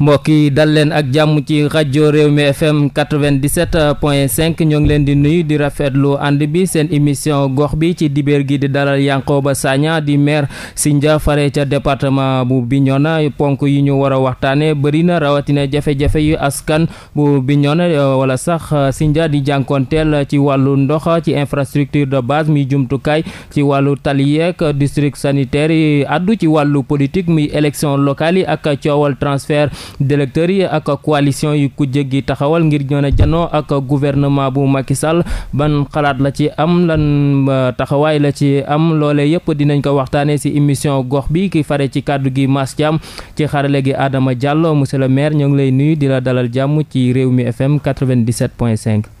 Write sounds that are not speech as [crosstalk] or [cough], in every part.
mbokk yi dal leen ak jàmm ci rajo mi FM 97.5 ñoo ngi leen di nuyu di rafetlu ànd bi seen émission gox bi ci dibeer gi di daral dalal ba Sagna di maire si Sindia fare ca département bu Bignona ponk yi ñu war a waxtaane bëri na rawatina jafe-jafe yu askan bu Bignona wala sax Sindia di jànkonteel ci wàllu ndox ci infrastructure de base muy jumtukaay ci wàllu tali yeeg district sanitaire yi addu ci wàllu politique muy élection locale yi ak coowal transfert d'électeurs yi ak coalition yi ku jéggi taxawal ngir ñoon a janoo ak gouvernement bu Macky Sall ban xalaat la ci am lan euh, taxawaay la ci am loole yëpp dinañ ko waxtaanee ci émission gox bi ki fare ci kàddu gi Mass Thiam ci xarale gi Adama Diallo monsieur le maire ñoo ngi lay nuyu di la dalal jàmm ci mi FM 97.5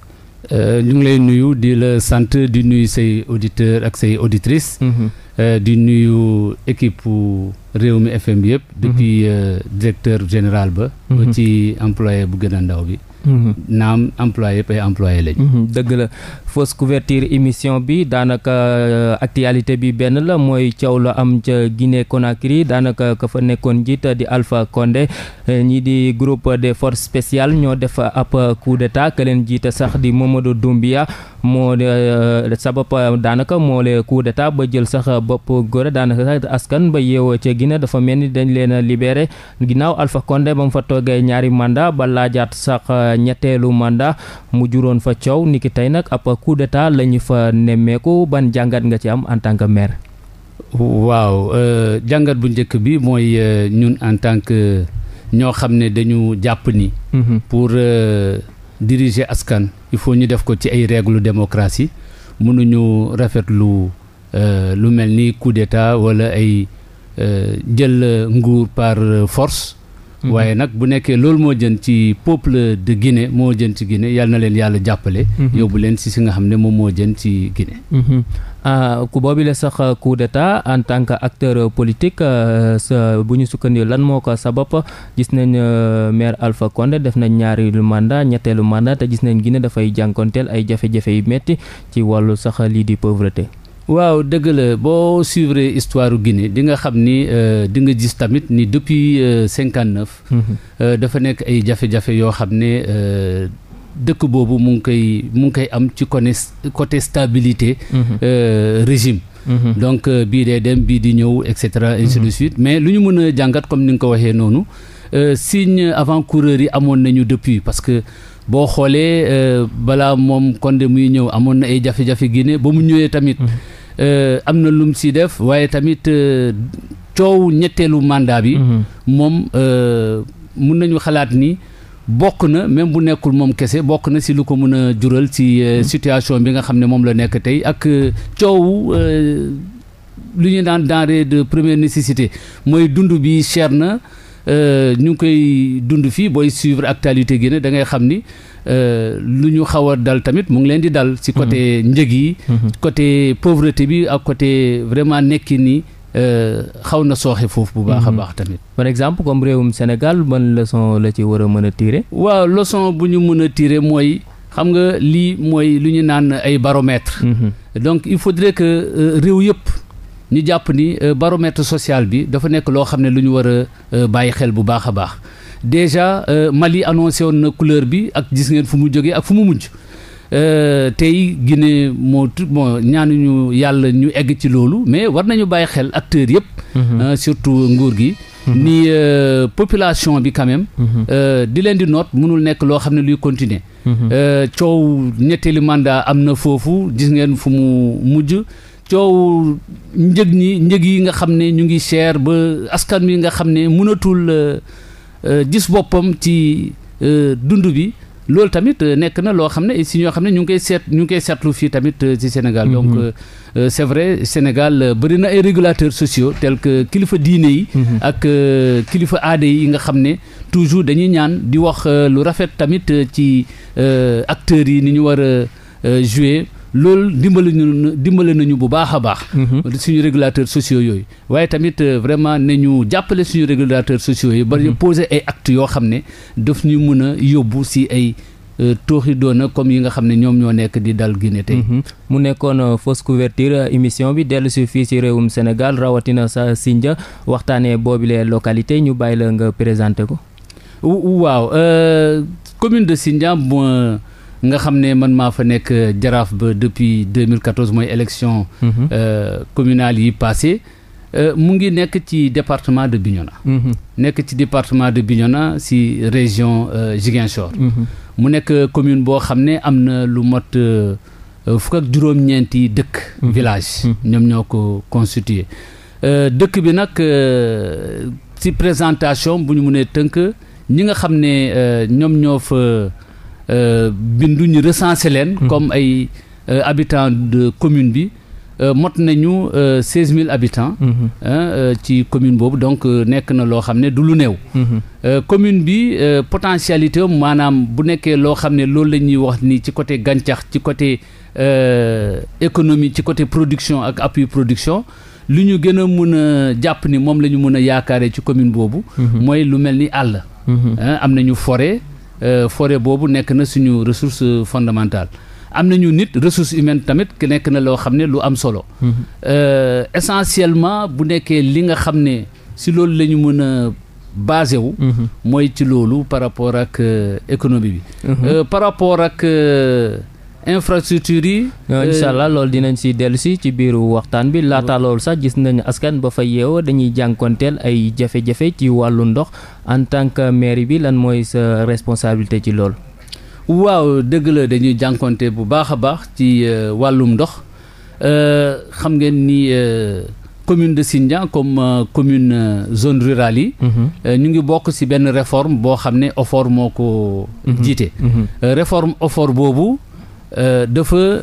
Euh, ñu ngi lay nuyu di la sant di nuyu say auditeur ak say auditrices. Mhm. Euh, di nuyu équipe réew mi FM bi yëpp. Mhm. depuis euh, directeur général ba. ba mhm. ci employé bu gën a ndaw bi. naam employé yëpp ay employé lañ. dëgg la fausse couverture émission bi daanaka euh, actualité bi benn la mooy cow la am ca Guinée Conakry daanaka ka fa nekkoon njiita di Alpha Condé euh, ñi di groupe des forces spéciale ñoo def ab coup d'état ka leen jiite sax di Mamadou Doumbia moo euh, sabab daanaka moo le coup d'état ba jël sax bopp góor daanaka sax askan ba yeewoo ca Guinée dafa mel ni dañ leen a libéré ginnaaw Alpha Condé ba mu fa toogee ñaari mandat ba laajaat sax ñetteelu mandat mu juróon fa coup d'état la ñu fa nemmeeku ban jàngat nga ci am en tant que maire. waaw euh, jàngat bu njëkk bi mooy euh, ñun en tant que ñoo xam ne dañu jàpp ni. Mhm. pour euh, diriger askan. il faut ñu def ko ci ay règles démocratie mënuñu rafetlu lu lu mel ni coup d'état wala ay jël nguur par force. Mm-hmm. waaye nag bu nekkee loolu moo jën ci peuple de Guinée moo jën ci Guinée yal na leen yàlla jàppale. Mm-hmm. yóbbu leen si si nga xam ne moom moo jën ci Guinée. Mm-hmm. Ah, ku boobi la sax coup d'état en tant que acteur politique euh, sa bu ñu sukkandiku lan moo ko sabab gis nañ euh, maire Alpha Condé def nañ ñaari lu mandat ñetteelu mandat te gis nañ Guinée dafay jànkonteel ay jafe-jafe yu metti ci wàllu sax lii di pauvreté. waaw dëgg la boo suivre histoire Guinée di nga xam ni euh, di nga gis tamit ni depuis euh, cinquante neuf mhm. euh, dafa nekk ay jafe-jafe yoo xam ne dëkk boobu mu ngi koy mu ngi koy am ci côté côté stabilité mhm. régime mhm. donc bii dee dem bii di ñëw et cetera ainsi de suite mais lu ñu mën a jàngat comme ni nga ko waxee noonu signe avant coureur yi amoon nañu depuis parce que boo xoolee euh, balaa moom Condé muy ñëw amoon na ay jafe-jafe Guinée ba mu ñëwee tamit mm am na lum si def waaye tamit euh, coow ñetteelu mandat bi mhm. moom mm -hmm. mun nañu xalaat ni bokk na même bu nekkul moom kese bokk na si lu ko mën a jural si mm situation bi nga xam ne moom la nekk tey ak coow lu ñu daan denrée de première nécessité mooy dund bi cher na Euh, ñu ngi koy dund fii booy suivre actualité Guinée da ngay xam ni euh, lu ñu xaw a dal tamit mu ngi leen di dal. si côté mhm. njëg yi. Mhm. côté pauvreté bi ak côté vraiment nekki nii. Euh, xaw na sooxe foofu bu baax a mhm. baax tamit. par exemple comme réewum Sénégal ban leçon la ci war a mën a tirer. waaw leçon bu ñu mën a tirer mooy xam nga lii mooy lu ñu naan ay baromètre. donc il faudrait que réew yëpp. ñu jàpp ni euh, baromètre social bi dafa nekk loo xam ne lu ñu war a euh, bàyyi xel bu baax a baax déjà euh, Mali annoncé woon na couleur bi ak gis ngeen fu mu jógee ak fu mu mujj tey Guinée moo tout bon ñu yàlla ñu egg ci loolu mais war nañu bàyyi xel acteurs yëpp. Mhm. surtout nguur gi. Mhm. ni population bi quand même. Mhm. di leen di noot mënul nekk loo xam ne luy continuer. coow ñetteelu mandat am na foofu gis ngeen fu mu mujj. coow njëg ñi njëg yi nga xam ne ñu ngi cher ba askan wi nga xam ne mënatul euh, euh, gis boppam ci euh, dund bi loolu tamit nekk na loo xam ne si ñoo xam ne ñu ngi koy seet ñu ngi koy seetlu fii tamit ci Sénégal. donc mm-hmm. c'est vrai Sénégal bëri na ay régulateurs sociaux tels kilifa diine yi. Mm-hmm. ak kilifa aada yi nga xam ne toujours dañuy ñaan di wax lu rafet tamit ci acteurs yi ni ñu war a jouer. loolu dimbali ñu dimbali nañu bu baax a baax. Mhm. suñu régulateurs sociaux yooyu. waaye tamit euh, vraiment nañu jàppale suñu régulateur sociaux yi. ba ñu mhm. poser ay act yoo xam ne daf ñu mun a yóbbu si ay. Euh, tooxi doona comme yi nga xam ne ñoom ñoo nekk di dal Guinée tey mhm. mu nekkoon euh, fausse couverture émission bi dellu si fii si réewum Sénégal rawatina sa Sindia waxtaanee boobilee localité ñu bàyyi la nga présenté ko waaw commune de Sindia nga xam ne man maa fa nekk jaraaf ba depuis 2014 mooy élection mhm. euh, communal yi passé euh, mu ngi nekk ci département de Bignona mhm. nekk ci département de Bignona si région euh, Ziguinchor mhm. mu nekk commune boo xam ne am na lu mot fukk ak juróom-ñeenti dëkk village ñoom ñoo ko constitué dëkk bi nag si présentation bu ñu mënee tënk ñi nga xam ne ñoom ñoo fa Euh, bindu ñu recensé leen. Mm-hmm. comme ay euh, habitants de commune bi. Euh, mot nañu seize mille habitants. Mm-hmm. ci commune boobu donc nekk na loo xam ne du lu néew. Mm-hmm. commune bi potentialité maanaam bu nekkee loo xam ne loolu la ñuy wax ni ci côté gàncax ci côté économie ci côté production ak appui production lu ñu gën a mun a jàpp ni moom la ñu mun a yaakaaree ci commune boobu. mooy lu mel ni àll. am nañu fore Euh, forêt boobu nekk na suñu ressource fondamentale am na ñu nit ressource humaine tamit ki nekk na loo xam ne lu am solo mhm. euh, essentiellement bu nekkee li nga xam ne si loolu lañu ñu mën a basé wu mhm. mooy ci loolu par rapport ak euh, économie bi mhm. par rapport ak infrastructure yi. Euh, euh, incha lool loolu dinañ si dellu si ci biiru waxtaan bi laata loolu sax gis nañu askan ba fa yeewoo dañuy jànkonteel ay jafe-jafe ci wàllu ndox en tant que mairie bi lan mooy sa responsabilité ci lool waaw dëgg la dañuy jànkonte bu baax a baax ci euh, wàllum ndox xam ngeen ni commune de Sindian comme commune zone rurale yi. Mhm. ñu ngi bokk ci benn réforme boo xam ne OFOR moo ko. Mhm. jiite mhm. réforme OFOR boobu. Euh, dafa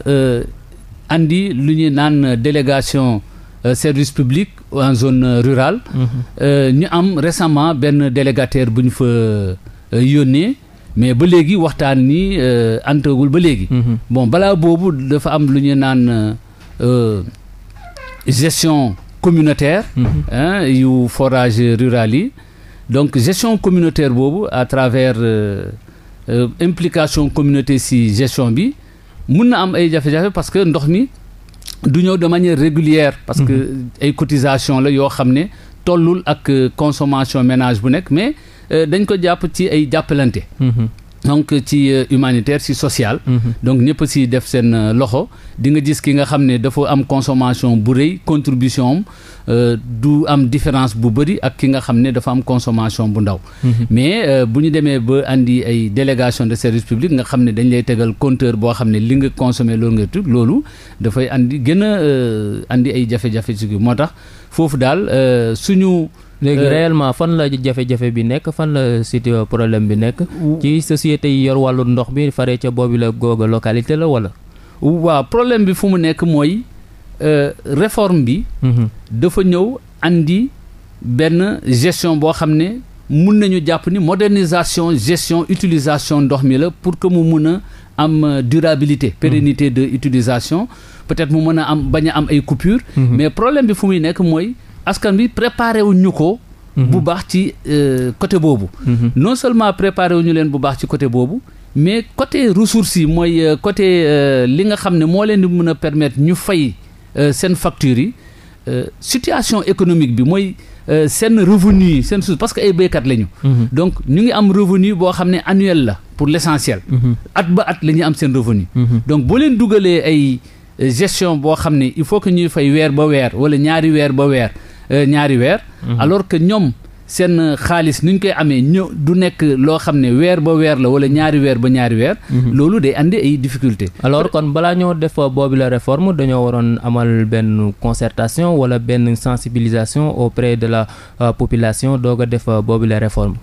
indi euh, lu ñuy naan délégation euh, service publique en zone rurale. Mm-hmm. ñu am récemment benn délégataire bu ñu fa yónnee mais ba léegi waxtaan ni antewul ba léegi. Mm-hmm. bon balaa boobu dafa am lu ñu naan gestion communautaire. Mm-hmm. yu forage rural yi donc gestion communautaire boobu à travers implication communauté si gestion bi. mun na am ay jafe-jafe parce que ndox mi du ñëw de manière régulière parce que mhm. ay cotisation la yoo xam ne tollul ak euh, consommation ménage bu nekk mais euh, dañ ko jàpp ci ay jàppalante mhm. donc ci euh, humanitaire ci social mm-hmm. donc ñëpp si def seen euh, loxo di nga gis ki nga xam ne dafa am consommation bu rëy contribution am euh, du am différence bu bëri ak ki nga xam ne dafa am consommation bu ndaw mm-hmm. mais bu ñu demee ba indi ay délégation de service public nga xam ne dañ lay tegal compteur boo xam ne li nga consommé loolu nga tub loolu dafay andi gën a andi ay jafe-jafe ci moo tax foofu daal suñu léegi euh, réellement fan la jafe-jafe bi nekk fan la site problème bi nekk ci société yi yor wàllu ndox bi fare ca boobu la googa localité la wala waaw problème bi fu mu nekk mooy euh, réforme bi mhm. dafa ñëw andi benn gestion boo xam ne mun nañu jàpp ni modernisation gestion utilisation ndox mi la pour que mu mun a am euh, durabilité mhm. pérennité de utilisation peut-être mu mën a am bañ a am ay coupures mhm. mais problème bi fu muy nekk mooy askan bi préparé wu ñu ko. bu mhm. baax ci euh, côté boobu. Mhm. non seulement préparé wu ñu leen bu baax ci côté boobu. mais côté ressources yi mooy euh, côté euh, li nga xam ne moo leen di mun a permettre ñu fay seen factures yi situation économique bi mooy seen revenu yi seen suuf parce que ay béykat lañu. Mhm. donc ñu ngi am revenu boo xam ne annuel la pour l'essentiel. at ba at la ñuy am seen revenu. donc boo leen dugalee ay gestion boo xam ne il faut que ñuy fay weer ba weer wala ñaari weer ba weer. Euh, ñaari weer mhm. alors que ñoom seen xaalis ni koy amee ñëw du nekk loo xam ne weer ba weer la wala ñaari weer ba ñaari weer. Mhm. loolu day indi ay difficulté alors kon balaa ñoo def boobu la réforme dañoo waroon amal benn concertation wala benn sensibilisation auprès de la euh, population doog a def euh, boobu la réforme.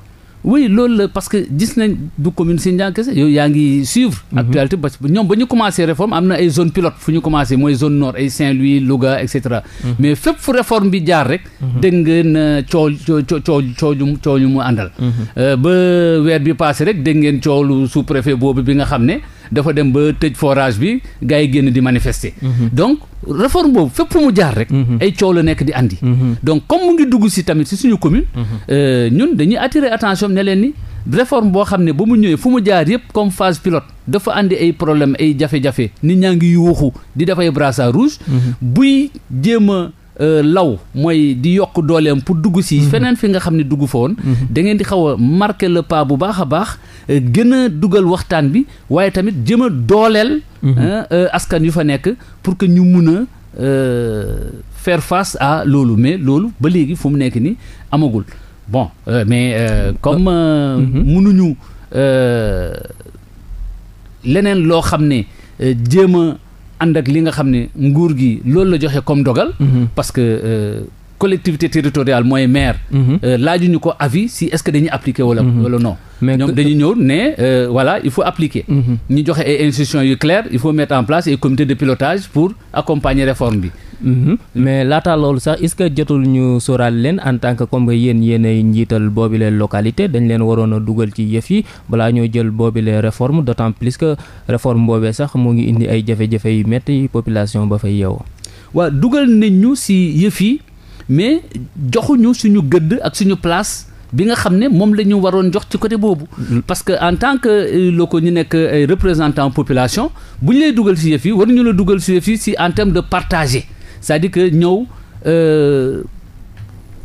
oui loolu la parce que gis nañ du commune Sindian kese yow yaa ngi suivre. Mhm. actualité parce que ñoom ba ñu commencé réforme am na ay zone pilote fu ñu commencé mooy zone nord ay Saint-Louis Louga et cetera. Mhm. mais fépp fu réforme bi jaar rek. Mhm. dégg ngeen coow coow coow ñu mu àndal. Euh, ba weer bi passé rek dégg ngeen coow lu sous préfet boobu bi nga xam ne. dafa dem ba tëj forage bi gars yi génn di manifester. Mhm. donc réforme boobu fépp fu mu jaar rek. Mhm. ay coow la nekk di andi. Mhm. donc comme mu ngi dugg si tamit si suñu commune. Euh, ñun dañuy attirer attention ne leen ni. réforme boo xam ne ba mu ñëwee fu mu jaar yëpp comme phase pilote dafa àndi ay problème ay jafe-jafe nit ñaa ngi yuuxu di def ay rouge. buy jéem a Euh, law mooy di yokk dooleem pour dugg si mhm. feneen fi nga xam ne dugg fa woon mhm. da ngeen di xaw a marquer le pas bu baax a baax euh, gën a dugal waxtaan bi waaye tamit jëm a dooleel mhm. euh, askan yu fa nekk pour que ñu mun a fair face a loolu mais loolu ba léegi fu mu nekk ni amagul bon mais euh, comme mënuñu leneen loo xam ne jéem a ànd ak li nga xam ne nguur gi loolu la joxe comme dogal. Mm-hmm. parce euh, collectivité territoriale mooy maire. Mhm. Euh, laajuñu ko avis si est-ce que dañuy appliquer wala. Mhm. wala non ñoom dañuy ñëw ne euh, voilà mhm. ñu joxe ay institutions yu claires il faut mettre en place ay comité de pilotage pour bi. mais laata loolu leen en tant que comme yéen yéenay njiital boobi leen localité dañ leen waroon a dugal ci yëf yi balaa ñoo jël boobi leen réforme d'autant plus que réforme boobee sax mu ngi indi ay jafe-jafe yu métti population ba fa yeewoo. waaw dugal nañ ñu si yëf yi mais joxuñu suñu gëdd ak suñu place bi nga xam ne moom la ñu waroon jox ci côté boobu. Mm. parce que en tant que euh, locaux ñu nekk ay euh, représentant population bu ñu lay dugal si yëf yi waruñu la dugal si yëf yi ci en terme de partager cest di dire que ñëw euh,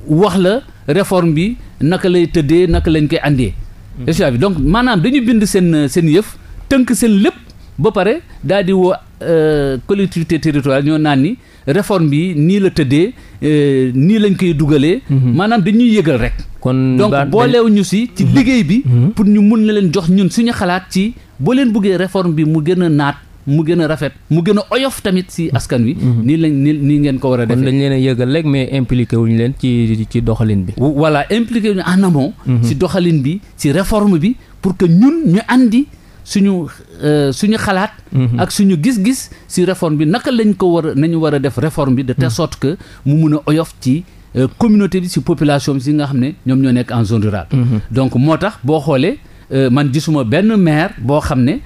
wax la réforme bi naka lay tëddee naka lañ koy andee. Mm. donc maanaam dañu bind seen seen yëf tënk seen lépp ba pare daal di woo Euh, collectivité territoriale ñoo naan ni réforme bi nii la tëddee euh, nii lañ koy dugalee. Mhm. maanaam dañuy yëgal rek. kon donc booleew ñu si. ci mhm. liggéey bi. Mhm. pour ñu mun na leen jox ñun suñu xalaat ci boo leen buggee réforme bi mu gën a naat. mu gën a rafet mu gën a oyof tamit si askan wi. nii lañ nii nii ngeen ko war a defee. dañ leen a rek mais impliqué wuñu leen ci ci doxalin bi. voilà impliqué wuñu si doxalin bi si réforme bi pour que ñun ñu andi. suñu euh, suñu xalaat. Mhm. ak suñu gis-gis si réforme bi naka lañ ko war a nañu war a def réforme bi. de telle mhm. sorte que mu mun oyof ci euh, communauté bi si population bi si nga xam ne ñoom ñoo nekk en zone rurale. Mhm. donc moo tax boo xoolee euh, man gisuma benn maire boo xam ne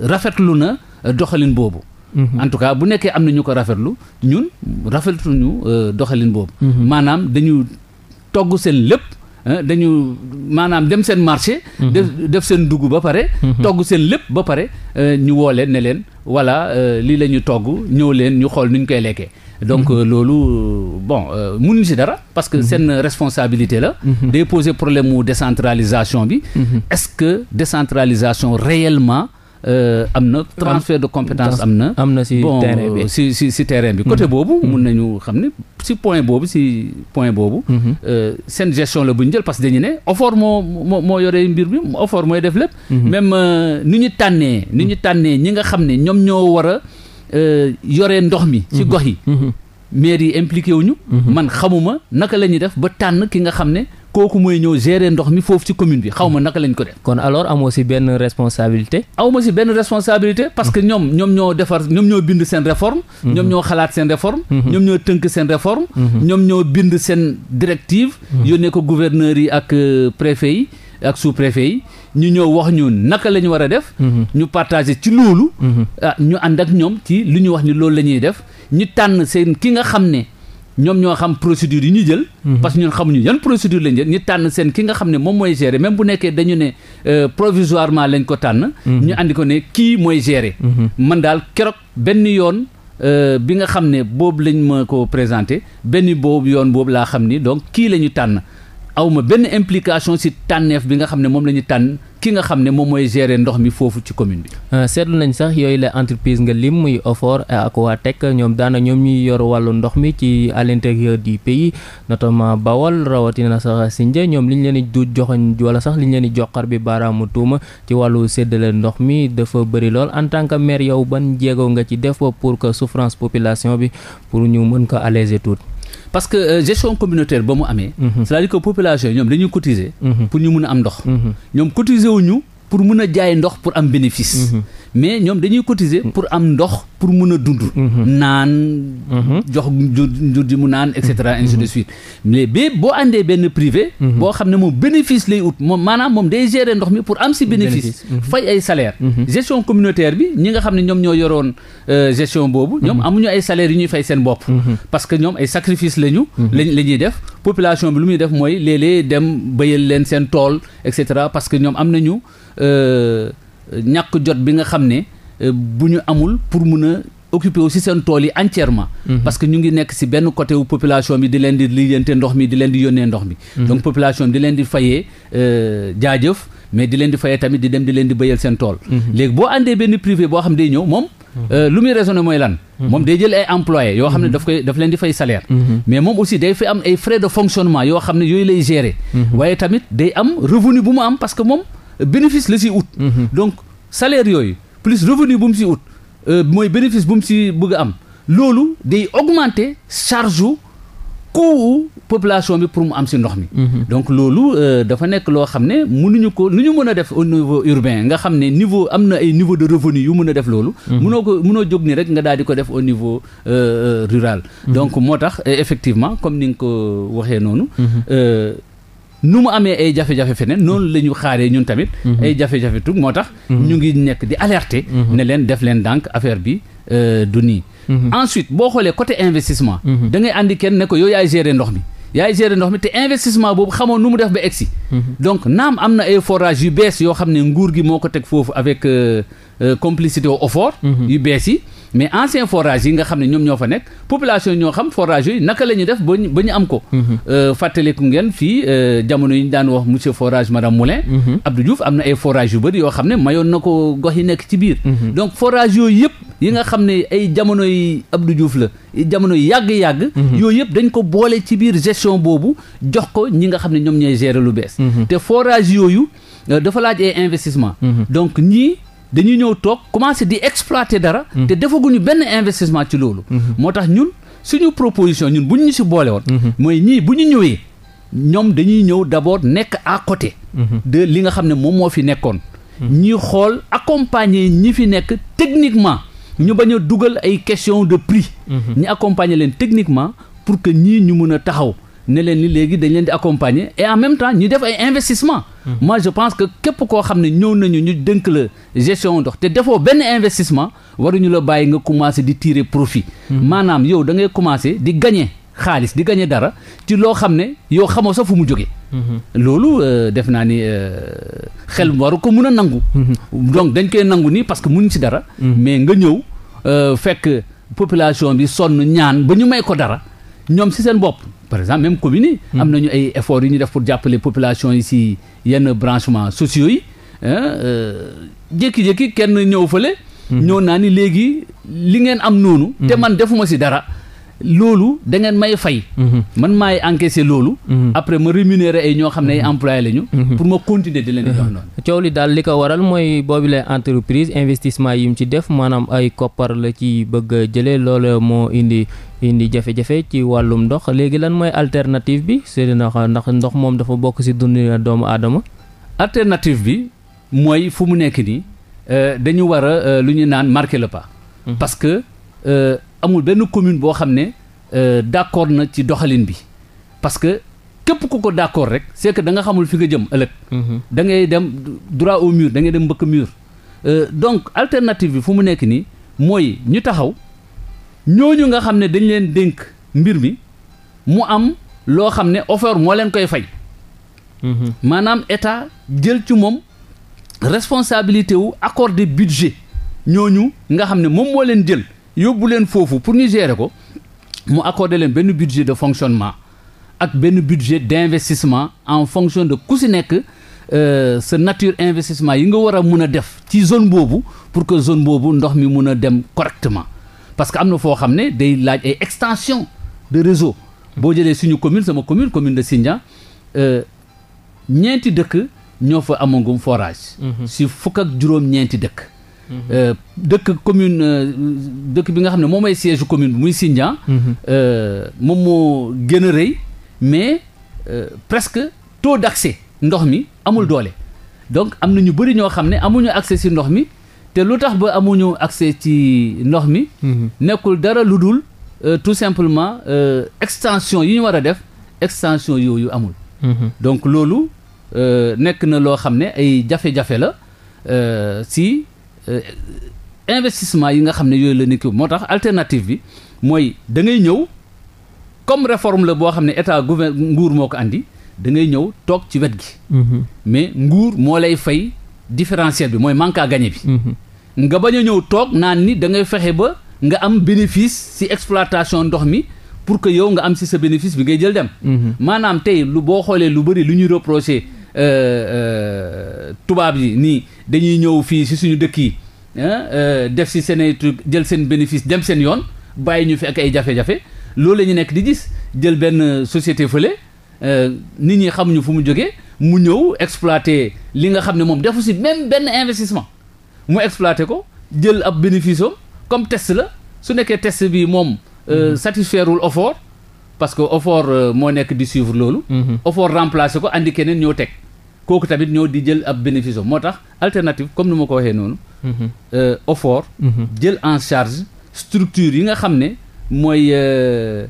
rafetlu na doxalin boobu. en tout cas bu nekkee am na ñu ko rafetlu ñun rafetluñu doxalin boobu. maanaam dañu togg seen lépp. dañu maanaam dem seen marché. Mhm. def def seen dugg ba pare. Mhm. togg seen lépp ba pare euh, ñu woo leen ne leen voilà euh, lii la ñu togg ñëw leen ñu xool nu ñu koy lekkee. donc mhm. euh, loolu bon euh, mënuñu si dara parce que seen responsabilité la mm -hmm. problème mu décentralisation bi est-ce que décentralisation réellement Euh, am na transfert de compétence am na am na si terrain bi si terrain bi côté mhm. boobu mun mhm. nañu xam ne si point boobu si point boobu mhm. euh, seen gestion la bu ñu jël parce que dañu ne OFOR moo moo moo yoree mbir bi OFOR mooy def lépp même euh, ni ñu tànnee ni ñu tànnee ñi nga xam ne ñoom ñoo war a yoree ndox mi ci gox yi maire yi impliqué man xamuma naka la def ba tànn ki nga xam ne kooku mooy ñëw gérer ndox mi foofu ci commune bi xaw ma naka lañ ko def. kon alors amoo si benn responsabilité. aw si benn responsabilité parce que ñoom ñoom ñoo defar ñoom ñoo bind seen réforme. Mhm. Mhm. ñoom ñoo tënk seen réforme. Mhm. ñoom ñoo bind seen directive. yónnee ko gouverneur yi ak euh, préfet yi ak sous préfet yi. ñu ñëw wax ñu naka la ñu war a def. ñu partagé ci loolu. Ah, ñu ànd ak ñoom ci li ñu wax ni loolu la ñuy def. ñu tànn seen ki nga xam ne. ñoom ñoo xam procédure yi ñu jël. Mhm. parce que ñun xamuñu yan procédure lañ jël ñu tànn seen ki nga xam ne moom mooy gérer même bu nekkee dañu ne euh, provisoirement lañ ko tànn. Mhm. ñu àndi ko ne kii mooy gérer. Mhm. man daal keroog benn yoon. Euh, bi nga xam ne boobu lañ ma ko présenté benn boobu yoon boobu laa xam ni donc kii la ñu tànn aw ma benn implication si tànneef bi nga xam ne moom la ñu tànn ki nga xam ne moom mooy gérer ndox mi foofu ci commune bi. Euh, seetlu nañ sax yooyu la entreprise nga lim muy OFOR ak Aquatech ñoom daana ñoom ñuy yor wàllu ndox mi ci à l'intérieur du pays notamment Bawol rawatina sax Sindia ñoom li ñu leen di joxoñ wala sax li leen di joxar bi baaraamu tuuma ci wàllu séddale ndox mi dafa bëri lool en tant que maire yow ban jéego nga ci def pour que souffrance population bi pour ñu mën ko alléger tuuti. parce que euh, gestion communautaire ba mu amee. Mhm. c'est-à-dire que population ñoom dañuy cotiser. Mhm. pour ñu mun am ndox. Mhm. ñoom cotiser wu ñu. pour mun a jaay ndox pour am bénéfice. Mm -hmm. mais ñoom dañuy cotiser mm. pour am ndox pour mun a dund. Mhm. naan. Mhm. jox jur ji mu naan et cetera mhm. ainsi de suite mais ba boo àndee benn privé. boo xam ne moom bénéfice lay ut moom maanaam moom day gérer ndox mi pour am si bénéfice. fay ay salaire gestion communautaire bi ñi nga xam ne ñoom ñoo yoroon euh, gestion boobu. ñoom amuñu ay salaires yu ñuy fay seen bopp. parce que ñoom ay sacrifice lañu. lañ la ñuy def population bi lu muy def mooy léeg-léeg dem béyal leen seen tool et cetera parce que ñoom am nañu. Euh, ñàkk jot bi nga xam ne euh, bu ñu amul pour mun a occupé aussi seen tool yi entièrement mhm. parce que ñu ngi nekk si benn côté wu population bi di leen di lijjante ndox mi di leen di yónnee ndox mi mhm. donc population bi di leen di fayee euh, jaajëf mais di leen di fayee tamit di dem di leen di béyal seen tool mhm. léegi boo àndee benn privé boo xam day ñëw moom lu muy raisonné mooy lan moom day jël ay employés yoo xam ne daf koy daf leen di fay salaire mais moom aussi day fay am ay frais de fonctionnement yoo xam ne yooyu lay gérer waaye tamit day am mu am parce que moom bénéfice la si ut. Mhm. donc salaire yooyu plus revenu bu mu si ut euh, mooy bénéfice bu mu si bëgg am loolu day augmenter charge u coût population bi pour mu am si ndox mi. Mhm. donc loolu euh, dafa nekk loo xam ne mënuñu ko nu ñu mën a def au niveau urbain nga xam ne niveau am na ay niveau de revenu yu mën a def loolu. mënoo mhm. ko mënoo jóg ni rek nga daal di ko def au niveau euh, rural. donc moo tax effectivement comme ni nga ko waxee noonu. nu mu amee ay jafe-jafe feneen noonu la ñu xaaree ñun tamit mhm. ay jafe-jafe tug moo tax mhm. ñu ngi nekk di alerter mhm. ne leen def leen dànk affaire bi euh, du nii ensuite boo xoolee côté investissement da ngay andi kenn ne ko yow yaay gérer ndox mi yaay gérer ndox mi te investissement boobu xamoo nu mu def ba egsi donc naam am na ay forage yu bees yoo xam ne nguur gi moo ko teg foofu avec euh, euh, complicité au effort yu bees yi mais ancien forage yi nga xam ne ñoom ñoo fa nekk population ñoo xam forage yooyu naka la ñuy def ba ñu ba ñu am ko. Mhm. Euh, fàttaliku ngeen fii euh, jamono yi ñu daan wax monsieur forage madame Moulin. Mhm. Abdou Diouf am na ay forage yu bëri yoo xam ne mayoon na ko gox yi nekk ci biir. Mhm. donc forage yooyu yëpp. yi nga xam ne ay jamonoy yi Abdou Diouf la jamono yi yàgg-yàgg yooyu yëpp dañ ko boole ci biir gestion boobu jox ko ñi nga xam ne ñoom ñooy gérer lu bees te forage yooyu euh, dafa dañuy ñëw toog commencé di exploiter dara. Mm-hmm. te defaguñu benn investissement ci loolu. Mm-hmm. moo tax ñun suñu proposition ñun bu ñu si boole woon. Mm-hmm. mooy ñii bu ñu ñëwee ñoom dañuy ñëw d'abord nekk à côté. de li nga xam ne moom moo fi nekkoon. ñuy xool accompagner ñi fi nekk techniquement ñu bañ a dugal ay question de prix. ñu accompagner leen techniquement pour que ñii ñu mën a taxaw. ne leen ni léegi dañ leen di accompagner et en même temps ñu def ay investissement hmm. moi je pense que képp koo xam ne ñëw nañu ñu dënk la gestion ndox te defoo benn investissement waruñu la bàyyi nga commencer di tiire profit hmm. maanaam yow dangay ngay di gañe xaalis di gagner dara ci loo xam ne yow xamoo sax fu mu jógee hmm. loolu euh, def naa ni euh, xel waru ko mun a nangu donc dañ koy nangu nii parce que munuñ ci dara mais nga ñëw euh, fekk population bi sonn ñaan ba ñu may ko dara ñoom si seen bopp par exemple même communes yi. Hmm. am nañu ay effort yu ñu def pour jàppale population yi si yenn branchement sociaux yi euh, jékki-jékki kenn ñëw fële. Hmm. ñëw naa ni léegi li ngeen am noonu. te hmm. man defuma si dara. loolu da ngeen may fay. Mhm. man maay encaisser loolu. Mhm. après ma rémunérer ay ñoo xam ne ay mhm. employé lañu. pour ma continuer di leen di jox noonu. coow li daal li ko waral mooy boobu entreprise investissement yi mu ci def maanaam ay koppar la ci bëgg a jëlee loolu moo indi indi jafe-jafe ci wàllum ndox léegi lan mooy alternative bi c'est ndax ndax ndox moom dafa bokk ci dundu doomu aadama. alternative bi mooy fu mu nekk nii euh, dañu war a euh, lu ñu naan marquer le amul benn commune boo xam ne euh, d'accord na ci doxalin bi parce que képp ku ko d'accord rek c'est que da nga xamul fi nga jëm ëllëg. Mhm. da ngay dem droit au mur da ngay dem mbëkk mur. Euh, donc alternative bi fu mu nekk nii mooy ñu taxaw ñooñu nga xam ne dañ leen dénk mbir mi mu am loo xam ne offert moo leen koy fay. Mhm. maanaam état jël ci moom responsabilité wu accorder budget ñooñu nga xam ne moom moo leen jël. yóbbu leen foofu pour ñu gérer ko mu accorder leen benn budget de fonctionnement ak benn budget d'investissement en fonction de ku si nekk Euh, sa nature investissement yi nga war a mun a def ci zone boobu pour que zone boobu ndox mi mun a dem correctement parce que am na foo xam ne day laaj ay extension de réseau boo jëlee suñu commune sama commune commune de Sindia euh, ñeenti dëkk ñoo fa amagum forage. Mm-hmm. si fukk ak juróom ñeenti dëkk. Euh, dëkk commune euh, dëkk bi nga xam ne moom ay siège commune bi muy Sindian mhm. euh, moom moo gën a rëy mais presque taux d'accès ndox mi amul doole donc am na ñu bëri ñoo xam ne amuñu accès ci ndox mi te lu tax ba amuñu accès ci ndox mi mhm. nekkul dara lu dul tout simplement extension yi ñu war a def extension yooyu amul mhm. donc loolu nekk na loo xam ne ay jafe-jafe la si Euh, investissement yi nga xam ne yooyu la ni ko moo tax alternative bi mooy da ngay ñëw comme réforme la boo xam ne état gouver nguur moo ko andi da ngay ñëw toog ci wet gi. Mm-hmm. mais nguur moo lay fay différentiel bi mooy manque à gagner bi. Mm-hmm. nga bañ a ñëw toog naan ni da ngay fexe ba nga am bénéfice ci exploitation ndox mi pour que yow nga am si sa bénéfice bi ngay jël dem. Mm-hmm. maanaam tey boo xoolee lu bari lu ñuy reprocher. Euh, euh, tubaab yi nii dañuy ñëw fii si suñu dëkk yi ah, euh, def si seen ay jël seen bénéfice dem seen yoon bàyyi ñu fi ak ay jafe-jafe loolu la ñu nekk di gis jël benn société fële nit ñi xamuñu fu mu jógee mu ñëw exploiter li nga xam ne moom defu si même benn investissement mu exploiter ko jël ab bénéfice am comme test la su nekkee test bi moom mhm. satisfairewul effort parce que OFOR euh, moo nekk di suivre loolu. Mhm. OFOR remplacé ko indi keneen ñoo teg. kooku tamit ñoo di jël ab bénéfice moo tax alternative comme ni ma ko waxee noonu. Mhm. Euh, OFOR. Mhm. jël en charge structure yi nga xam ne mooy euh,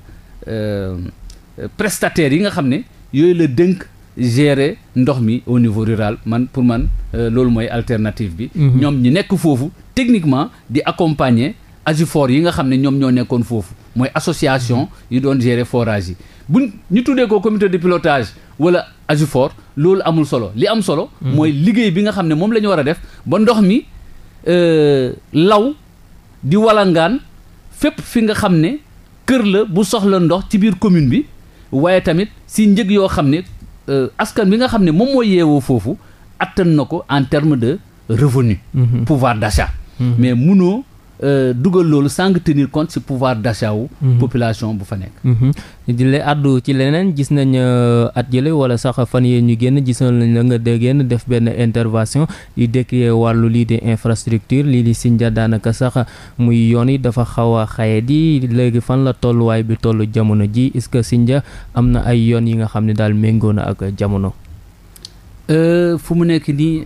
prestataires yi nga xam ne yooyu la dënk gérer ndox mi au niveau rural man pour man loolu mooy alternative bi. ñoom ñi nekk foofu techniquement di accompagner. ASUFOR yi nga xam ne ñoom ñoo nekkoon foofu mooy association yi doon gérer forage yi buñ ñu tuddee ko comité de pilotage wala ASUFOR loolu amul solo li am solo. Hmm. mooy liggéey bi nga xam ne moom la ñu war a def ba ndox mi euh, law di walangaan fépp fi nga xam ne kër la bu soxla ndox ci biir commune bi waaye tamit si njëg yoo xam ne euh, askan bi nga xam ne moom mooy yeewoo foofu attan na ko en terme de revenu. Hmm. pouvoir d'achat. Hmm. mais munoo. Euh, dugal loolu sans tenir compte ci pouvoir d'achat wu mhm. population bu fa nekk mhm. di la addu ci leneen gis nañ euh, at jële wala sax fan yee ñu génn gis nañ la nga génn def benn intervention di décrier wàllu lii di infrastructure lii di Sindia daanaka sax muy yoon yi dafa xaw a xaye di léegi fan la tolluwaay bi toll jamono ji est-ce que Sindia am na ay yoon yi nga xam ne daal méngoo ak jamono euh, fu mu nekk nii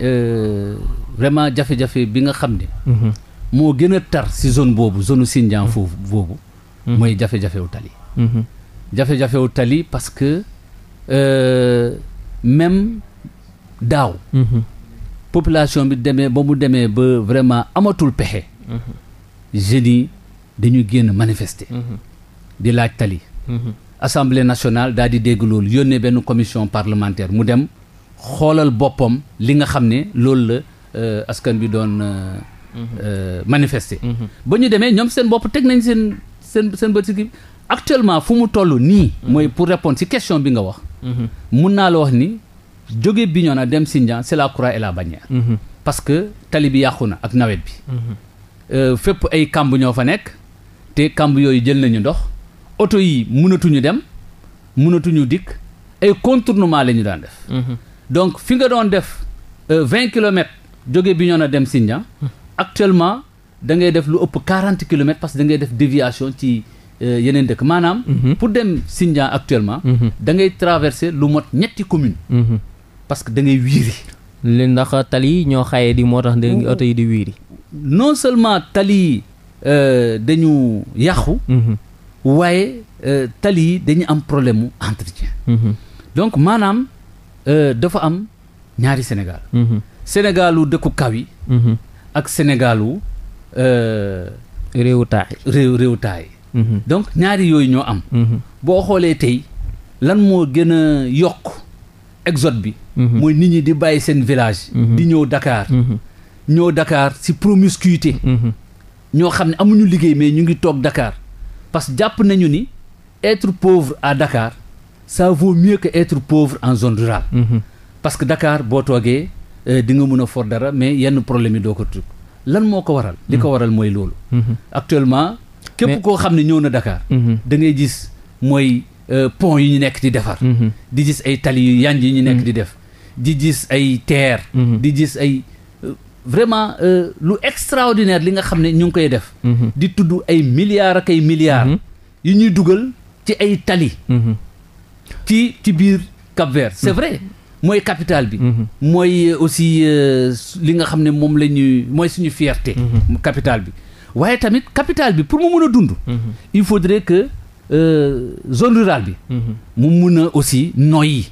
vraiment jafe-jafe bi nga xam ne mhm. moo gën a tar si zone boobu zone Sindian mm-hmm. foofu boobu mm-hmm. mooy jafe-jafewu tali mm-hmm. jafe-jafewu tali parce que euh, même daaw population bi demee ba mu demee ba vraiment amatul pexe jeunes yi dañu génn manifester di laaj tali assemblée nationale daal di dégg loolu yónnee benn commission parlementaire mu dem xoolal boppam li nga xam ne loolu la euh, askan bi doon euh, Mhm. Euh, manifester. Mhm. ba ñu demee ñoom seen bopp teg nañ seen seen seen bët si kii actuellement fu mu toll nii. Mhm. mooy pour répondre ci question bi nga wax. mun naa la wax ni jóge Bignona dem Sindian c'est la croix et la bannière. parce que tali yàqu na ak nawet bi. Euh, fépp ay kamb ñoo fa nekk te kamb yooyu jël nañu ndox oto yi mënatuñu dem mënatuñu dikk ay contournement la ñu daan def. donc fi nga doon def euh, vingt kilomètres jóge Bignona dem Sindian actuellement dangay def lu ëpp quarante kilomètres parce que da ngay def déviation ci euh, yeneen dëkk maanaam. Mhm. pour dem Sindian actuellement. Mhm. da ngay traverser lu mot ñetti commune mhm. parce que da ngay wiiri. li ndax tali ñoo xaye di moo tax léegi oto yi di wiiri. non seulement tali yi euh, dañu yàqu. waaye euh, tali yi dañu am problème mu entretien. donc maanaam dafa am ñaari Sénégal. Sénégalu dëkku kaw yi. ak Sénégalu euh, réewu taax yi réew réewu mhm. donc ñaari yooyu ñoo am mhm. boo xoolee tey lan moo gën a yokk exode bi mhm. mooy nit ñi di bàyyi seen village di ñëw dakaar ñëw dakaar si promiscuité ñoo xam ne amuñu liggéey mais ñu ngi toog dakaar parce que jàpp nañu ni être pauvre à Dakar ça vaut mieux que être pauvre en zone rurale parce boo toogee Euh, di nga mun a for dara mais yenn problème yi doo ko tukk lan moo ko waral. li ko mm-hmm. waral mooy loolu. Mm-hmm. actuellement. képp koo xam ne ñëw na Dakar. Mm-hmm. da ngay gis mooy euh, pont yu ñu nekk di defar. di gis ay tali yu yanj yi ñu nekk di def. di gis ay terre. di gis ay euh, vraiment lu extraordinaire li nga xam ne ñu ngi koy def. di tudd ay milliards ak ay milliards. yu ñuy dugal ci ay tali. ci ci biir Cap-Vert c'est vrai. mooy capital bi. mooy euh, aussi euh, li nga xam ne moom la ñuy mooy suñu fierté. capital bi waaye tamit capital bi pour mu mun a dund. il faudrait que euh, zone rurale bi. mu mun a aussi noyyi.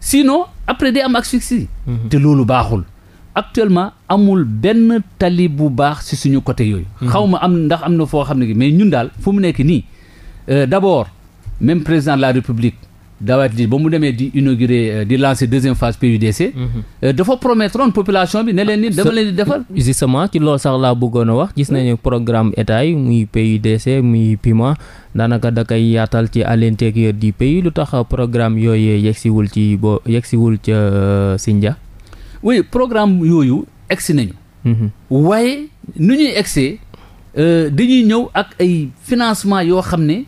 sinon après day am asphyxie. te loolu baaxul. actuellement amul benn tali bu baax ci suñu côté yooyu. xaw ma am ndax am na foo xam ne mais ñun daal fu mu nekk nii euh, d'abord même président de la république. Daawat ba mu demee di inaugurer euh, di lancer deuxième phase PUDC. Mhm. Euh, dafa promettroon population bi ne leen ni dama leen di defal. Ah, justement ci loolu sax laa bëggoon a wax gis nañu programme état yi muy PUDC muy PIMA daanaka da koy yaatal ci à l'intérieur du pays lu tax programme yooyu yegsiwul ci bo yegsiwul ca euh, Sindia. oui programme yooyu egsi nañu. Mhm. waaye nu ñuy egsee dañuy ñëw ak ay financement yoo xam ne.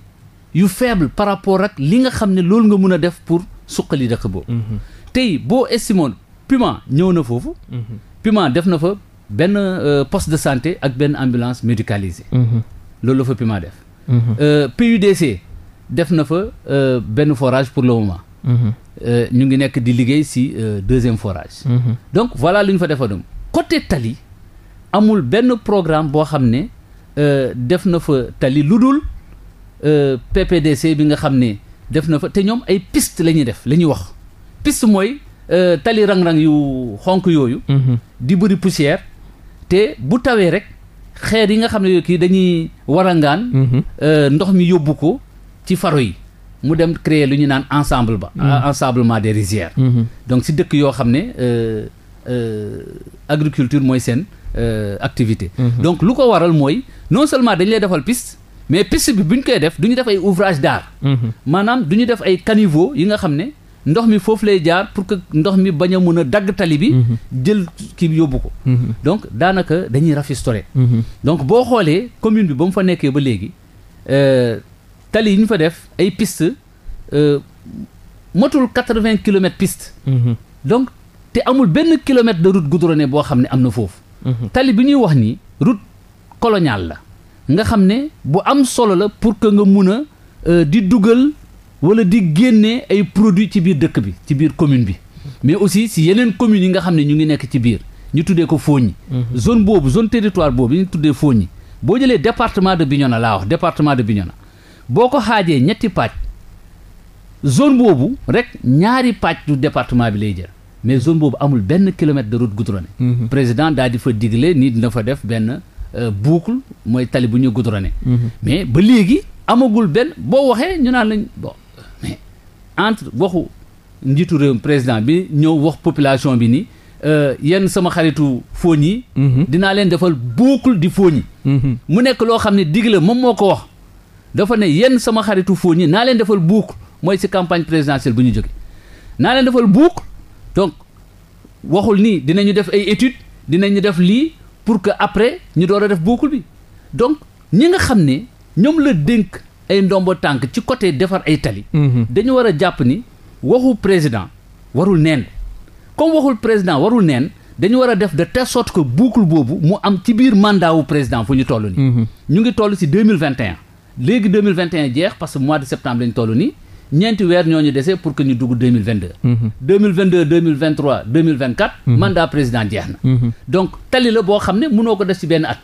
yu faible par rapport ak li nga xam ne loolu nga mun a def pour suqali dëkk boobu. Mhm. tey boo estimoon Puma ñëw na foofu. Mhm. Puma def na fa benn euh, poste de santé ak benn ambulance médicalisée. Mhm. loolu la fa Puma def. Euh, PUDC def na fa euh, benn forage pour le moment. ñu ngi nekk di liggéey si deuxième forage. donc voilà lu ñu fa defoon côté Tali amul benn programme boo xam ne def na fa Tali lu dul. Euh, PPDC bi nga xam ne def na fa te ñoom ay piste la ñuy def la ñuy wax piste mooy euh, tali rang-rang yu xonk yooyu mhm. di bëri poussière te bu tawee rek xeer yi nga xam ne kii dañuy warangaan mhm. euh, ndox mi yóbbu ko ci faro yi mu dem créer lu ñu naan ensemble ba mhm. ensemblement des rizières donc si dëkk yoo xam ne agriculture mooy seen activité donc lu ko waral mooy non seulement dañ lay defal piste mais piste bi bu ñu koy def du ñu def ay ouvrage d'art mhm. maanaam du ñu def ay caniveau yi nga xam ne ndox mi foofu lay jaar pour que ndox mi bañ a mën a dagg tali bi mhm. jël kii yóbbu ko mhm. donc daanaka dañuy rafistole donc boo xoolee commune bi ba mu fa nekkee ba léegi euh, tali yi ñu fa def ay piste euh, motul quatre-vingts kilomètres piste donc te amul benn kilomètre de route goudronnée boo xam ne am na foofu tali bi ñuy wax nii route coloniale la nga xam ne bu am solo la pour que nga mun a euh, di dugal wala di génne ay produit ci biir dëkk bi ci biir commune bi mais aussi si yeneen communes yi nga xam ne ñu ngi nekk ci biir ñu tuddee ko Fogny mhm. zone boobu zone territoire boobu ñu tuddee Fogny boo jëlee département de Bignona laa wax département de na boo ko xaajee ñetti pàcc zone boobu rek ñaari pàcc du département bi lay jël mais zone boobu amul benn kilomètre de route goudronnée. Mhm. président daal Euh, boucle mooy tali bu ñu goudronné mhm. mais ba léegi amagul benn boo waxee ñu naan lañ bon mais entre waxu njiitu réew président bi ñëw wax population bi ni euh, yenn sama xaritu fooñ yi mhm. dinaa leen defal boucle di fooñ mhm. mu nekk loo xam ne digle moom moo ko wax dafa ne yenn sama xaritu fooñ yi naa leen defal boucle mooy si campagne présidentielle bu ñu jóge naa leen defal boucle donc waxul nii dinañu def ay études dinañu def lii pour que après ñu door a def boucle bi donc ñi nga xam ne ñoom la dénk ay ndombo tànk ci côté defar ay tali. Mhm. dañu war a jàpp ni waxu président warul neen comme waxul président warul neen dañu war a def de telle sorte que boucle boobu mu am ci biir mandat wu président fu ñu toll nii. Mhm. ñu ngi toll si deux mille vingt et un léegi deux jeex parce mois de septembre lañu toll nii. ñeenti weer ñoo ñu dese pour que ñu dugg deux mille vingt deux. Mhm. deux mille vingt deux deux mille vingt trois deux mille vingt quatre. Mhm. mandat président jeex na. Mhm. donc tali la boo xam ne mënoo ko def ci benn at.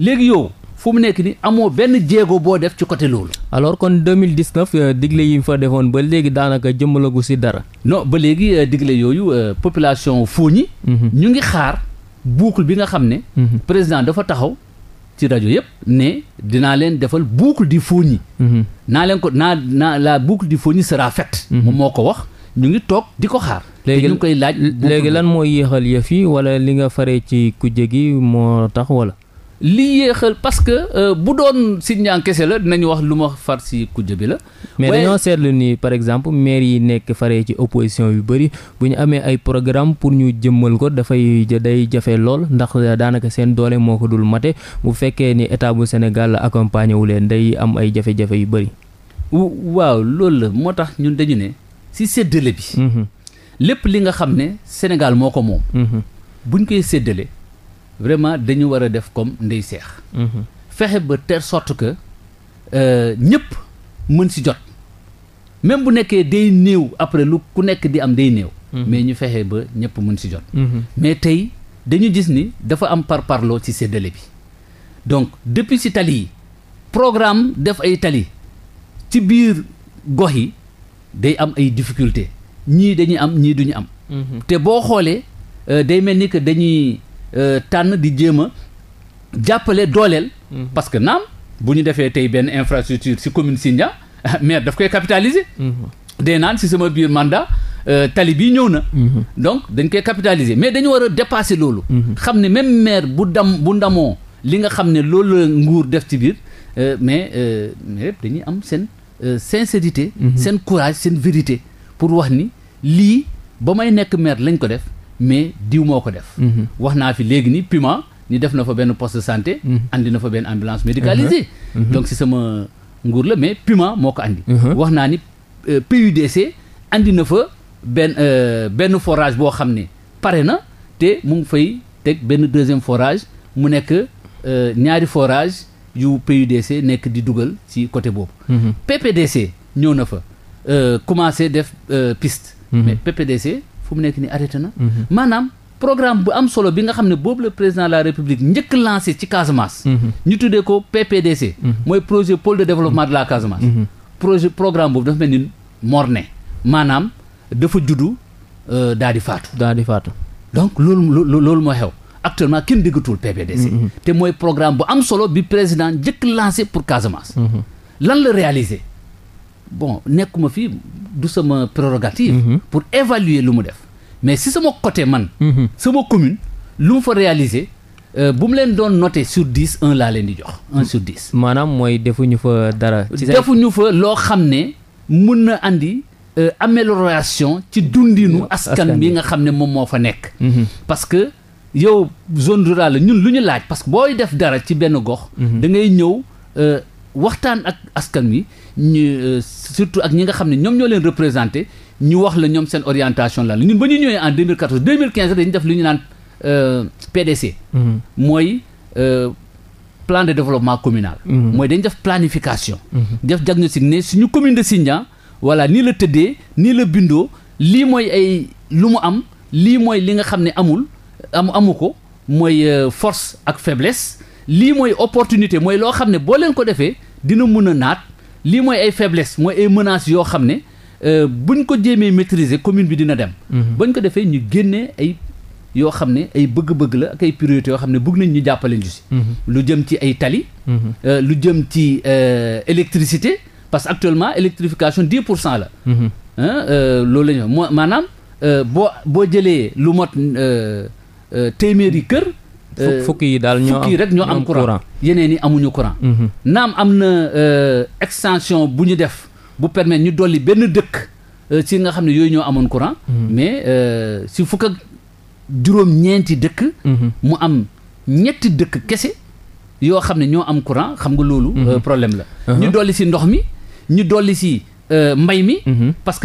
léegi yow fu mu nekk ni amoo benn jéego boo def ci côté loolu. alors kon deux mille dix neuf euh, digle yi fa defoon ba léegi daanaka jëmmalagu ci dara. non ba léegi euh, digle yooyu euh, population fooñi. ñu ngi xaar boucle bi nga xam ne. président dafa taxaw. ci rajo yëpp ne dinaa leen defal boucle di Fogni mhm. naa leen ko naa naa la boucle du Fogni sera faite mhm. moom moo ko wax ñu ngi toog di ko xaar léegi ñu koy laaj léegi lan moo yéexal yëf yi wala li nga faree ci kujje gi moo tax wala li yéexal parce que euh, bu doon Sindian kese la dinañu wax lu ma far si kujje bi la. mais dañoo seetlu nii par exemple maire yi nekk faree ci opposition yu bëri bu ñu amee ay programme pour ñu jëmmal ko dafay day jafe lool ndax daanaka seen doole moo ko dul mate bu fekkee ni état bu Sénégal la wu leen day am ay jafe-jafe yu bëri. waaw loolu la moo tax ñun dañu ne si séddale bi. Mhm. lépp li nga xam ne Sénégal moo ko moom. Mhm. buñ koy séddale. vraiment dañu war a def comme ndey seex. Mhm. fexe ba telle sorte que euh, ñëpp mën si jot même bu nekkee day néew après lu ku nekk di am day néew. Mhm. mais ñu fexe ba ñëpp mën si jot. Mhm. mais tey dañu gis ni dafa am par parloo ci séddale bi donc depuis si tali yi programme def ay tali ci biir gox yi day am ay difficulté ñii dañuy am ñii duñu am. te boo xoolee euh, day mel ni que dañuy. Euh, tànn di jéem a jàppale dooleel. Mhm. parce que naam bu ñu defee tey benn infrastructure si commune Sindia [laughs] maire daf koy capitaliser. Mhm. day naan si sama biir mandat. Euh, tali bi ñëw na. Mhm. donc dañ koy capitaliser mais dañu war a dépasser loolu. xam mm -hmm. ne même maire bu dam bu ndamoo li nga xam ne loolu la nguur def ci biir euh, mais euh, dañuy am seen sincérité. Mm seen courage seen vérité pour wax ni lii ba may nekk maire lañ ko def. mais diw moo ko def. Mhm. wax naa fi léegi ni Puma ni def na fa benn poste de santé. Mhm. andi na fa benn ambulance médicalisée. Mhm. donc si sama nguur la mais Puma moo ko andi. wax naa ni euh, PUDC andi na fa benn euh, benn forage boo xam ne pare na te mu ngi fay teg benn deuxième forage mu nekk euh, ñaari forage yu PUDC nekk di dugal ci côté boobu. PPDC ñëw na fa commencé def piste. PPDC. fu mu nekk nii arrêté na. Mhm. maanaam programme bu am solo bi nga xam ne boobu la président la république njëkk lancé ci Casamance. Mhm. ñu tuddee ko PPDC. Mhm. mooy projet pôle de développement de la Casamance. projet programme boobu dafa mel ni morne maanaam dafa juddu euh, daal di faatu. daal di faatu donc loolu loolu moo xew. actuellement kenn déggatul PPDC. te mooy programme bu am solo bi président njëkk lancé pour Casamance. lan la réaliser. bon nekkuma fi du sama prérogative. Mhm. pour évaluer lu mu def. mais si sama côté man. Mhm. sama commune lu mu fa réaliser. Euh, bu mu leen doon noté sur dix un laa leen di jox en sur dix. maanaam mooy defuñu fa dara. defuñu fa loo xam ne mun na andi euh, amélioration ci dundinu. askan bi nga xam ne moom moo fa nekk. Mhm. que yow zone rurale ñun lu ñu laaj parce que booy def dara ci benn gox. da ñëw. Euh, waxtaan ak askan wi ñu euh, surtout ak ñi nga xam ne ñoom ñoo leen représenté ñu wax la ñoom seen orientation lan la ñun ba ñu ñëwee en 2014 2015 dañu def li ñu naan euh, PDC. Mhm. mooy euh, plan de developpement communal. Mhm. mooy dañ def planification. Mhm. def diagnostic ne suñu commune de Sindian voilà nii la tëddee nii la bindoo lii mooy ay lu mu am lii mooy li nga xam ne amul am amu ko mooy force ak faiblesse lii mooy opportunité mooy loo xam ne boo leen ko defee. dina mën a naat lii mooy ay faiblesse mooy ay menaces yoo xam ne euh, buñ ko jéemee maîtriser commune bi dina dem. Mhm. bañ ko defee ñu génnee ay yoo xam ne ay bëgg-bëgg la ak ay priorité yoo xam ne bëgg nañ ñu jàppale ñu si. Mhm. lu jëm ci ay tali. Mhm. Euh, lu jëm ci euh, électricité parce que actuellement électrification 10 pour cent la. loolu la ñu maanaam boo boo jëlee lu mot téeméeri kër. fukki euh, yi daal ñoo am fukki ñoo am courant yeneen yi amuñu courant. Mhm. naam am na euh, extension bu ñu def bu permettre ñu dolli benn dëkk. Euh, ci nga xam ne yooyu ñoo amoon courant. Mhm. mais si fukk ak juróom-ñeenti dëkk. Mhm. mu am ñetti dëkk kese yoo xam ne ñoo am courant xam nga loolu. problème la. Uh-huh. ñu dolli si ndox mi ñu dolli si mbay mi. parce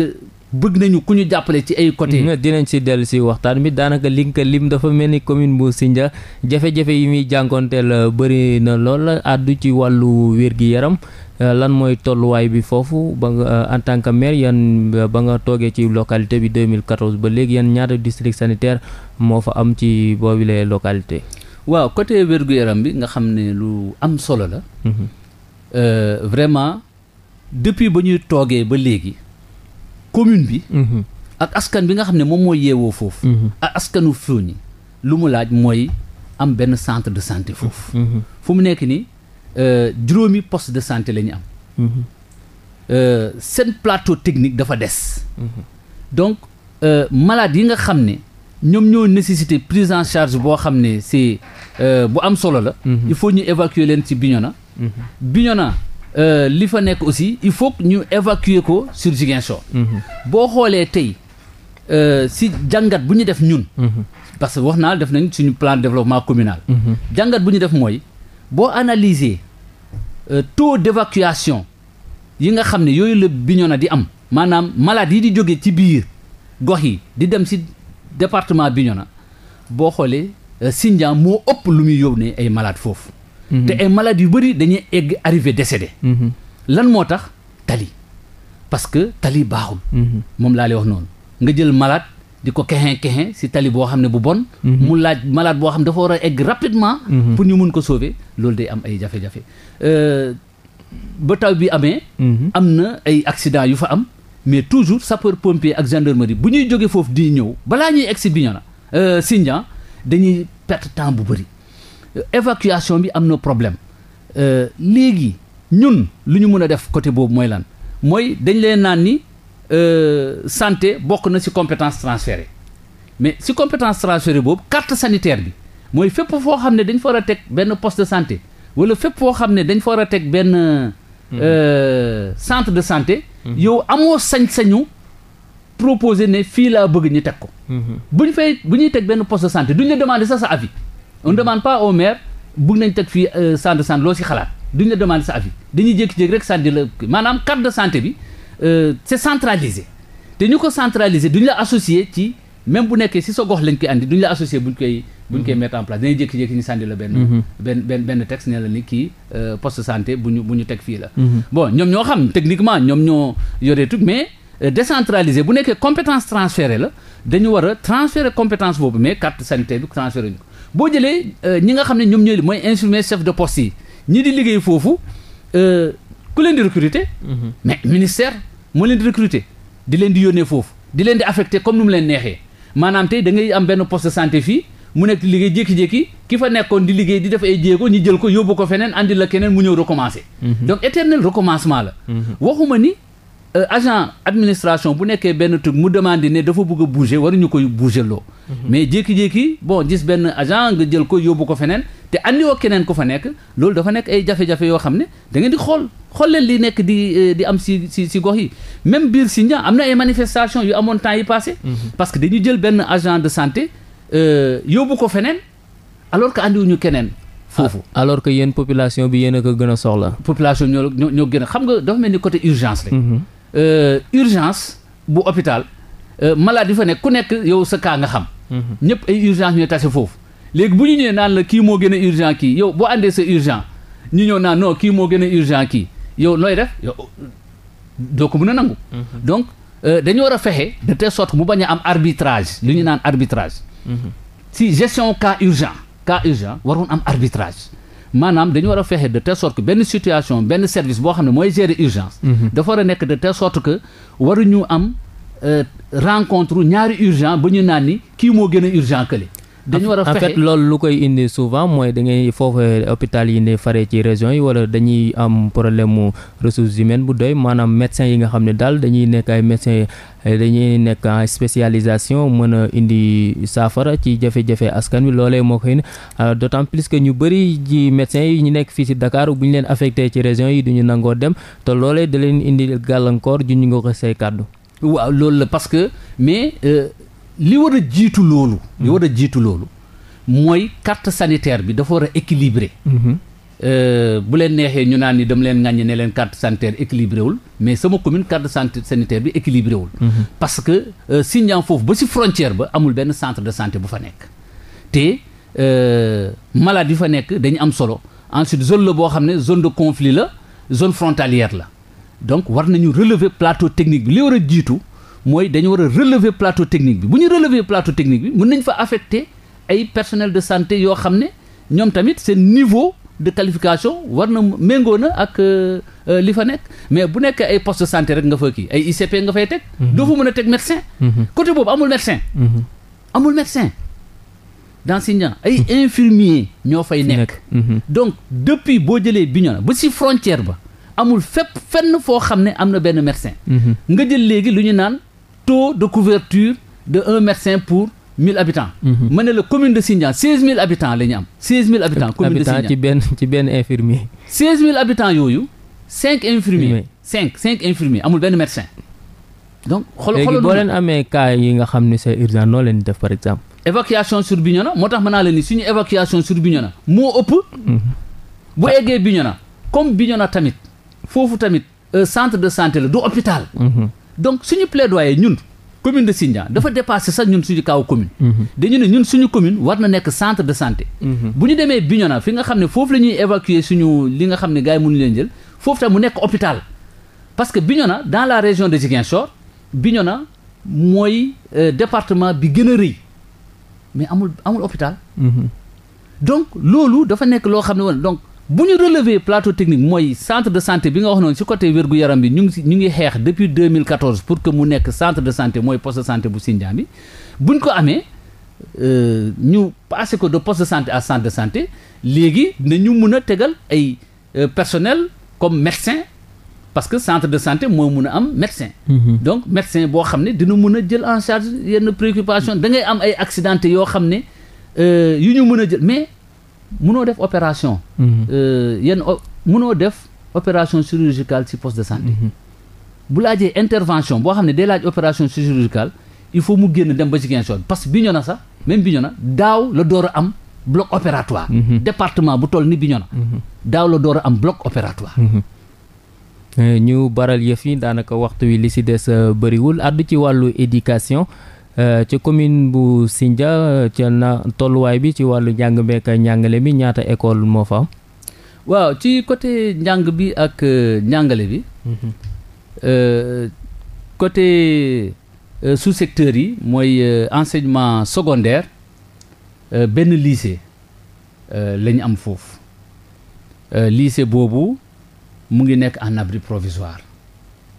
bëgg nañu ku ñu jàppale ci ay côté mm-hmm. dinañ si dellu si waxtaan bi daanaka li nga lim dafa mel ni commune bu Sindia jafe-jafe yi muy jànkoonteel euh, bëri na lool àddu ci wàllu wér-gi-yaram euh, lan mooy tolluwaay bi foofu ba nga euh, en tant que maire yan ba nga toogee ci localité bi 2014 ba léegi yan ñaata district sanitaire moo fa am ci boobile localité waaw côté wér-gu-yaram bi nga xam ne lu am solo la mm-hmm. vraiment depuis ba ñuy toogee ba léegi commune bi. Mhm. ak askan bi nga xam ne moom mooy yeewoo foofu. Mhm. ak askanu Foni lu mu laaj mooy am benn centre de santé foofu. Mhm. fu mu nekk nii euh, juróomi poste de santé la ñu am. Euh, seen plateau technique dafa des. donc euh, malade yi nga xam ne ñoom ñoo nécessité prise en charge boo xam ne c'est bu am solo la. il faut ñu évacuer leen ci Bignona. Bignona Euh, li fa nekk aussi il faut ñu évacuer ko sur Ziguinchor. Mhm. boo xoolee tey euh, si jàngat bu ñu def ñun. Mhm. parce que wax naa def nañ suñu plan de développement communal. Mhm. jàngat bu ñu def mooy boo analyser euh, taux d'évacuation yi nga xam ne yooyu la na di am. maanaam malade yi di jóge ci biir gox yi di dem si département na boo xoolee Sindian moo ëpp lu muy yónnee ay malade foofu. Mm-hmm. te ay malades yu bëri dañuy egg arrivé décédé. Mm-hmm. lan moo tax tali parce que tali baaxul. Mm-hmm. moom laa lay wax noonu nga jël malaat di ko kexee kexee si tali boo xam ne bu bon. mu laaj malade boo xam ne dafa war a egg rapidement. pour ñu mën ko sauver loolu day am ay jafe-jafe. Euh, ba taw bi amee. am na ay accident yu fa am. mais toujours sapeur pompier ak gendarmerie bu ñuy jógee foofu di ñëw balaa ñuy egg si Bignona euh, Sindian dañuy perte temps bu bëri évacuation bi am na problème euh, léegi ñun lu ñu mën a def côté boobu mooy lan mooy dañ leen naan ni euh, santé bokk na si compétence transférée mais si compétence transférée boobu carte sanitaire bi mooy fépp foo xam ne dañ fa war a teg benn poste de santé walla fépp foo xam ne dañ fa war a teg benn mhm. euh, centre de santé mhm. yow amoo sañ-sañu proposer ne fii laa bëgg ñu teg ko mhm. bu ñu fay bu ñuy teg benn poste de santé duñ la demander sax sa avis on demande pas au maire bugg nañ teg fii euh, centre de santé loo si xalaat duñ la demander sa avis dañuy jékki-jékki rek sànni la maanaam carte de santé bi euh, c'est centralisé te ñu ko centralisé ñu la associé ci même bu nekkee si sa gox lañ koy andi duñ la associé buñ koy buñ koy mhm. mettre en place dañuy jékki-jékki ñu sànni la benn mhm. benn benn benn texte ne la ni kii euh, poste santé bu ñu ñu teg fii la mhm. bon ñoom ñoo xam techniquement ñoom ñoo yoree tout mais décentralisé bu nekkee compétence transférée la dañu war a transférer compétence boobu mais carte santé bi boo jëlee euh, ñi nga xam ne ñoom ñooy mooy infirmier chef de poste yi ñi di liggéey foofu euh, ku leen di recruter. Mhm. mais ministère moo leen di recruter di leen di yónnee foofu di leen di affecté comme nu leen neexee maanaam tey da am benn poste de santé fii mu nekk liggéey jékki-jékki ki fa nekkoon di liggéey di def ay jéego ñu jël ko yóbbu ko feneen andi la keneen mu ñëw recommencer. Mhm. donc éternel recommencement la. Mhm. waxuma ni. Euh, agent administration bu nekkee benn truc mu demande ne dafa bëgg a ñu waruñu koy bouger loo. Mhm. mais jékki-jékki bon gis benn agent nga jël ko yóbbu ko feneen te andi woo keneen ku fa nekk loolu dafa nekk ay jafe-jafe yoo xam ne da ngeen di xool xool leen li nekk di euh, di am si si si gox yi même biir si Sindia am na ay manifestation yu amoon temps yi passé. Mhm. parce que dañu jël benn agent de santé euh, yóbbu ko feneen alors que andiwuñu keneen. foofu ah, alors que yéen population bi yéen ko gën a soxla. population ñoo ñoo ñoo gën xam nga dafa mel ni côté urgence Euh, urgence bu hôpital euh, maladie fa nekk ku nekk yow sa kaa nga xam. Mhm. ñëpp ay urgence ñooy tase foofu. léegi bu ñu ñëwee naan la kii moo gën a urgent kii yow boo àndee sa urgent ñu ñëw naan non kii moo gën a urgent kii yow nooy def yow doo ko mën a nangu. Mhm. donc euh, dañoo war a fexe te telle mu bañ a am arbitrage li ñu mhm. naan arbitrage. si gestion cas urgent cas war waroon am arbitrage. maanaam dañu war a fexe de telle sorte que benn situation benn service boo xam ne mooy gérer urgence. Mhm. dafa war a nekk de telle sorte que waruñu am euh, rencontre ñaari urgent ba ñu naan kii moo gën a urgent kële. dañu war a fexe en lu koy indi souvent mooy da ngay foofu hôpital yi ne fare ci région yi wala dañuy am problème mu ressources bu doy maanaam médecins yi nga xam ne daal dañuy nekk ay médecins eh, dañuy nekk en spécialisation mën a indi saafara ci jafe askan wi loolee moo koy indi euh, d' plus que ñu bëri ji médecins yi ñu nekk fii si dakaaru bu ñu leen affecte ci région yi du ñu nangoo dem te lool da leen indi gàllankoor ju ñu nga ko say kàddu. waaw loolu la parce que mais. Euh, li war a jiitu loolu. li war a jiitu loolu mooy carte sanitaire bi dafa war a équilibré. Mhm. Euh, bu leen neexee ñu naan ni dama leen ŋàññi ne leen carte sanitaire équilibré wul mais sama commune carte sanitaire bi équilibré wul. Mhm. parce que euh, Sindian foofu ba si frontière ba amul benn centre de santé bu fa nekk. te euh, malade yi fa nekk dañu am solo ensuite zone la boo xam ne zone de conflit la zone frontalière la donc war nañu relever plateau technique bi li war a jiitu. mooy dañu war a relever plateau technique bi bu ñu relever plateau technique bi mën nañ fa affecter ay personnel de santé yoo xam ne ñoom tamit seen niveau de qualification war na méngoo na ak euh, euh, li fa nekk mais bu nekkee ay poste de santé rek nga fa kii ay ICP nga fay teg. Mhm. doo fa mën a teg médecin. Mhm. côté boobu amul médecin. Mhm. amul médecin d'enseignant ay infirmier ñoo fay nekk. donc depuis boo jëlee Bignona ba si frontière ba amul fépp fenn foo xam ne am na benn médecin. taux de couverture de un médecin pour mille abitant mhm. ma ne la commune de Sindian seize mille habitants la ñu am. seize mille habitants commune de Sindian ci benn ci benn infirmier. seize mille habitants yooyu cinq infirmiers. cinq cinq infirmiers amul benn médecin. donc xool xoolal léegi leen amee cas yi nga xam ne c'est urgent noo leen def par exemple. évacuation sur Bignona moo tax mën naa leen ni suñu évacuation sur Bignona moo ëpp. Mhm. bu eggee bi Bignona comme na tamit foofu tamit euh, centre de santé la du hôpital. Mhm. donc suñu plaidoyer ñun commune de Sindian dafa dépassé sax ñun suñu kaw commune. Mhm. dañu ne ñun suñu commune war na nekk centre de santé. Mhm. bu ñu demee Bignona fi nga xam ne foofu la ñuy évacuer suñu li nga xam ne gars yi mënuñu leen jël foofu tam mu nekk hôpital. parce que bi na dans la région de Ziguinchor na mooy euh, département bi gën a rëy mais amul amul hôpital. Mhm. donc loolu dafa nekk loo xam ne woon donc. bu ñu relever plateau technique mooy centre de santé bi nga wax noonu ci côté wérgu yaram bi ñu ngi ñu ngi xeex depuis 2014 pour que mu nekk centre de santé mooy poste de santé bu Sindian bi buñ ko amee euh, ñu passé ko de poste de santé à centre de santé léegi ñu mun a tegal ay euh, personnel comme médecin parce que centre de santé moo mun a am médecin mm-hmm. donc médecin boo xam ne dina mun a jël en charge yenn préoccupation da ngay am ay accidenté yoo xam ne euh, yu ñu mun a jël mënoo def opération. Mhm. Euh, yenn munoo def opération chirurgicale ci poste de santé. Mhm. bu laajee intervention boo xam ne day laaj opération chirurgicale il faut mu génn dem ba Ziguinchor parce que Bignona sax bi ño na daaw la door a am bloc opératoire. département bu toll ni Bignona. daaw la door a am bloc opératoire. Mhm. Euh, ñu baral yëf yi daanaka waxtu wi li ci des euh, bëriwul àddu ci wàllu éducation. Euh, ci commune bu Sindia euh, ca na tolluwaay bi ci wàllu njàng meek njàngale bi ñaata école moo fa waaw ci côté njàng bi ak euh, njàngale bi. Mhm. côté sous secteurs yi mooy enseignement secondaire benn lycée la ñu am foofu lycée boobu mu ngi nekk en abri provisoire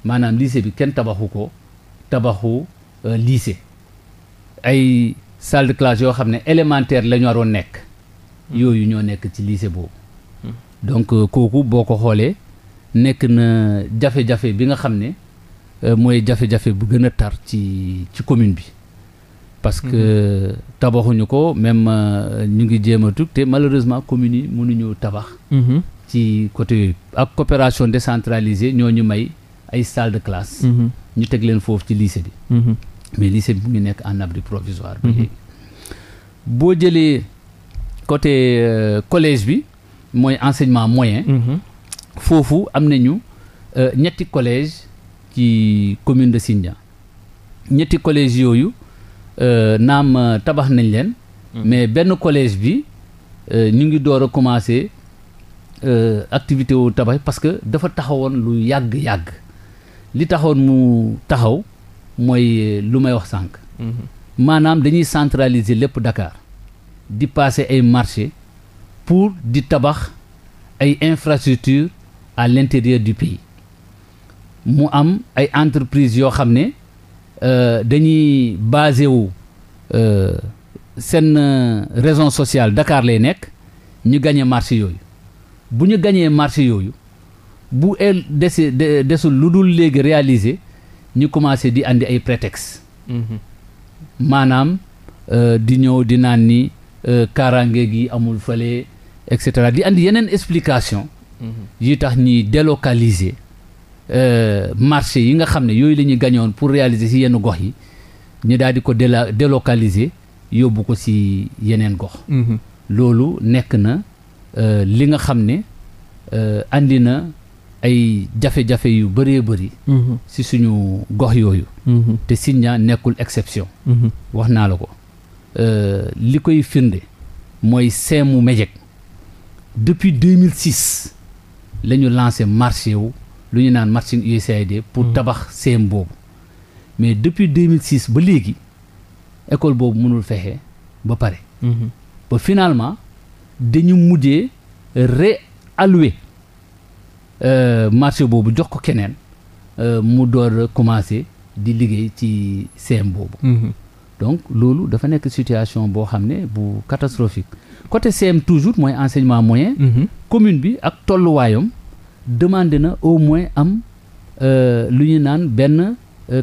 maanaam lycée bi kenn tabaxu ko tabaxu lycée. ay salle de yoo xam ne élémentaire la ñu waroon nekk hmm. yooyu ñoo nekk ci lycée boobu hmm. donc euh, kooku boo ko xoolee nekk na jafe-jafe bi nga xam ne euh, mooy jafe-jafe bu gën a tar ci ci commune bi parce hmm. que tabaxuñu ko même euh, ñu ngi jéem a tug te malheureusement communes yi mënuñu tabax ci côté yooyu ak coopération décentralisée ñoo ñu may ay salle de ñu teg leen foofu ci lycée bi mais lycée bi mu ngi nekk en abri provisoire. Mhm. boo jëlee côté euh, collège bi mooy enseignement moyen. Mhm. foofu am nañu euh, ñetti collège ci commune de Sindia ñetti collège yooyu euh, naam tabax nañ leen. Mhm. mais benn collège bi euh, ñu ngi door a commencé activité wu tabax parce que dafa taxawoon lu yàgg yàgg li taxoon mu taxaw. mooy euh, lu may wax sànq. Mhm. maanaam dañuy centraliser lépp Dakar di passer ay marché pour di tabax ay infrastructures à l'intérieur du pays mu am ay entreprises yoo xam ne euh, dañuy basé wu euh, seen raison sociale dakaar lay nekk ñu gagné marché yooyu bu ñu gagné marché yooyu bu el dese desul lu dul léegi réaliser. ñu commencé di andi ay prétexte mhm. maanaam euh, di ñëw di naan ni euh, kaaraange gi amul fële et cetera di indi yeneen explication mhm. yi tax ñuy délocaliser euh, marché yi nga xam ne yooyu lañuy ñuy gañoon pour réaliser ci yenn gox yi ñu daal di ko déla délocaliser yóbbu ko ci yeneen gox mhm. loolu nekk na li nga xam ne andi na ay jafe-jafe yu bëree bëri si mhm. suñu gox yooyu mhm. te Sindia nekkul exception mhm. wax naa la ko euh, li koy firnde mooy seemu Médhiec depuis 2006 la ñu lancé marché wu lu ñu naan marché USAID pour tabax seem boobu mais depuis 2006 ba léegi école boobu mënul fexe ba pare ba finalement dañu mujjee réallouer Euh, marché boobu jox ko keneen euh, mu door commencé di liggéey ci CM boobu. Mm-hmm. donc loolu dafa nekk situation boo xam ne bu catastrophique côté CM toujours mooy enseignement moyen. Mm-hmm. commune bi ak tolluwaayam demandé na au moins am euh, lu ñu naan benn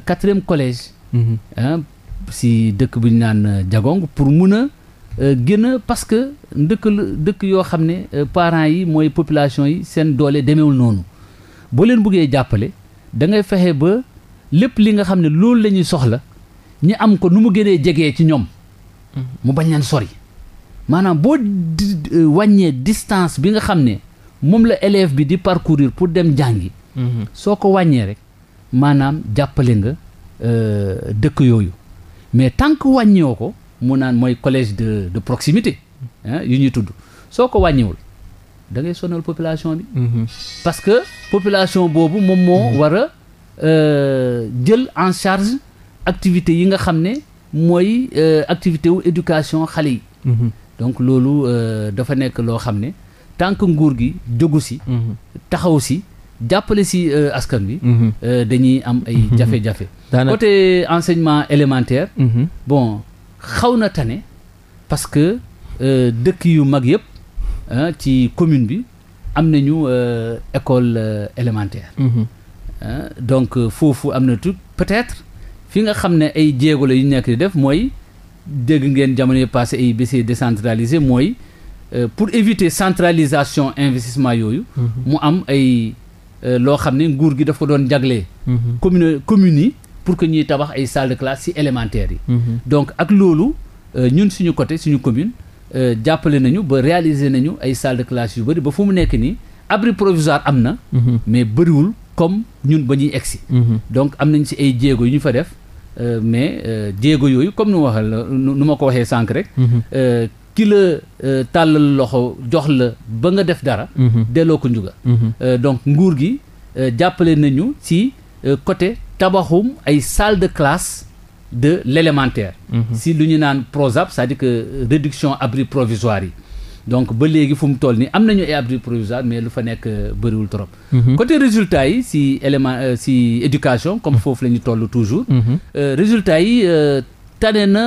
quatrième collège. Mm-hmm. si dëkk bu ñu naan Diagong pour mun a. Euh, gën a parce que ndëkk dëkk yoo xam ne euh, parents yi mooy population yi seen doole demeewul noonu boo leen buggee jàppale da ngay fexe ba lépp li nga xam ne loolu la ñuy soxla ñi am ko nu mu gënee jegee ci ñoom mu bañ leen sori maanaam boo euh, wàññee distance bi nga xam ne moom la élève bi di parcourir pour dem jàngi mhm. soo ko wàññee rek maanaam jàppale nga dëkk yooyu mais tant que wàññeewoo ko mu naan mooy collège de de proximité yu ñuy tudd soo ko wàññewul da ngay sonal population bi. Mm-hmm. parce que population boobu moom moo mm-hmm. war a euh, jël en charge activités yi nga xam ne mooy euh, activité wu éducation xale yi. Mm-hmm. donc loolu euh, dafa nekk loo xam ne tant que nguur gi jógu si. taxaw si. jàppale si askan bi dañuy am ay jafe-jafe. côté enseignement élémentaire. xaw na tane parce que euh, dëkk yu mag yëpp euh, ci commune bi am nañu euh, école élémentaire. Mhm. donc foofu am na tout peut-être fi nga xam ne ay jéego la yu nekk di def mooy dégg ngeen jamono yi passé ay BCE décentralisé mooy pour éviter centralisation investissement yooyu. Mhm. mu am ay loo xam ne nguur gi daf ko doon jagle mhm. commune communes yi. pour que ñuy tabax ay salle de classe ci élémentaire yi. Mhm. donc ak loolu euh, ñun suñu côté suñu commune euh, jàppale nañu ba réaliser nañu ay salle de classe yu bëri ba fu mu nekk nii abri provisoire am na. Mhm. mais bëriwul comme ñun ba ñuy egsi. Mhm. donc am nañ si ay jéego yu ñu fa def euh, mais jéego yooyu comme nu ma waxee la nu ma ko waxee sànq rek. ki la tàllal loxo jox la ba nga def dara delloo ko njuga donc nguur gi jàppale nañu ci côté tabaxum ay salle de classe de l'élémentaire mhm. si lu ñu naan PROSAP c'est-à-dire que euh, réduction abri provisoire yi donc ba léegi fu mu toll nii am nañu ay abri provisoire mais lu fa nekk euh, bëriwul trop mhm. côté résultat yi si élément euh, si éducation comme mhm. foofu la ñu toll toujours résultat yi tane na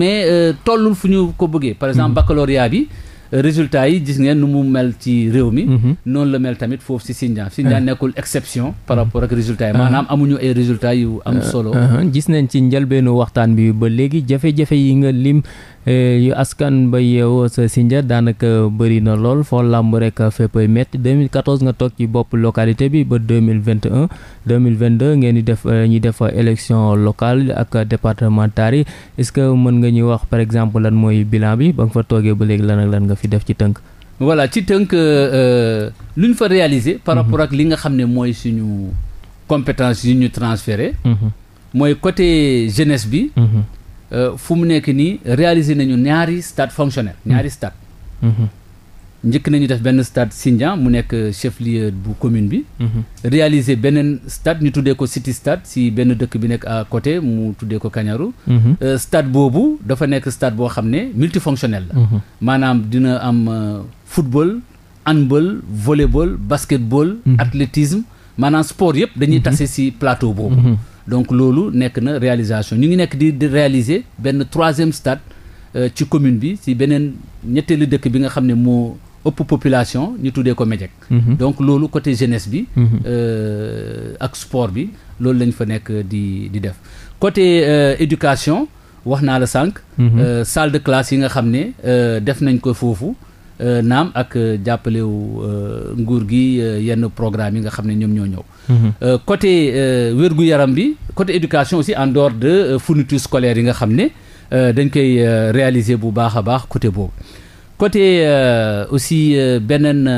mais tollul fu ñu ko bëggee par exemple baccalauréat bi résultat yi gis ngeen nu mu mel ci réew mi mhm. noonu la mel tamit foofu si Sindian Sindian eh. nekkul exception par mhm. rapport ak résultat yi maanaam eh. amuñu ay résultat yu am eh. solo gis nañ ci njëlbeenu waxtaan bi ba léegi jafe-jafe yi nga lim Eh, yu askan ba yeewoo sa Sindia daanaka bëri na lool foo làmb rek féppay métti 2014 nga toog ci bopp localité bi ba 2021 2022 ngeen di def eh, ñi def élection locale ak départementale yi est-ce que mën nga ñuy wax par exemple lan mooy bilan bi ba nga fa toogee ba léegi lan ak lan nga fi def ci tënk. voilà ci tënk euh, euh, lu ñu fa réaliser. par mhm. rapport ak li nga xam ne mooy suñu compétence yu ñu transféré. Mhm. mooy côté jeunesse bi. Mhm. Euh, fu mu nekk nii réaliser nañu ñaari stade fonctionnel ñaari hmm. stade hmm. njëkk nañu def benn stade Sindian mu nekk euh, chef lieu bu commune bi hmm. réaliser beneen stade ñu tuddee ko city stade si benn dëkk bi nekk a côté mu tuddee ko Kañaru euh, stade boobu dafa nekk stade boo xam ne multifonctionnel la maanaam dina am football handball volleyball basketball athlétisme maanaam sport yëpp dañuy tase si plateau boobu donc loolu nekk na réalisation ñu ngi nekk di di réaliser benn troisième stade euh, ci commune bi si beneen ñetteelu dëkk bi nga xam ne moo ëpp population ñu tuddee ko Médek mhm. donc loolu côté jeunesse bi mhm. euh, ak sport bi loolu lañ fa nekk di di def côté euh, éducation wax naa la sànq mhm. salle de classe yi nga xam ne def nañ ko foofu Euh, naam ak euh, jàppalewu euh, nguur gi yenn programme yi nga xam ne ñoom ñoo ñëw. Mhm. côté wérgu yaram bi côté éducation aussi en dehors de fourniture scolaire yi nga xam ne dañ koy réaliser bu baax a baax côté boobu. côté aussi beneen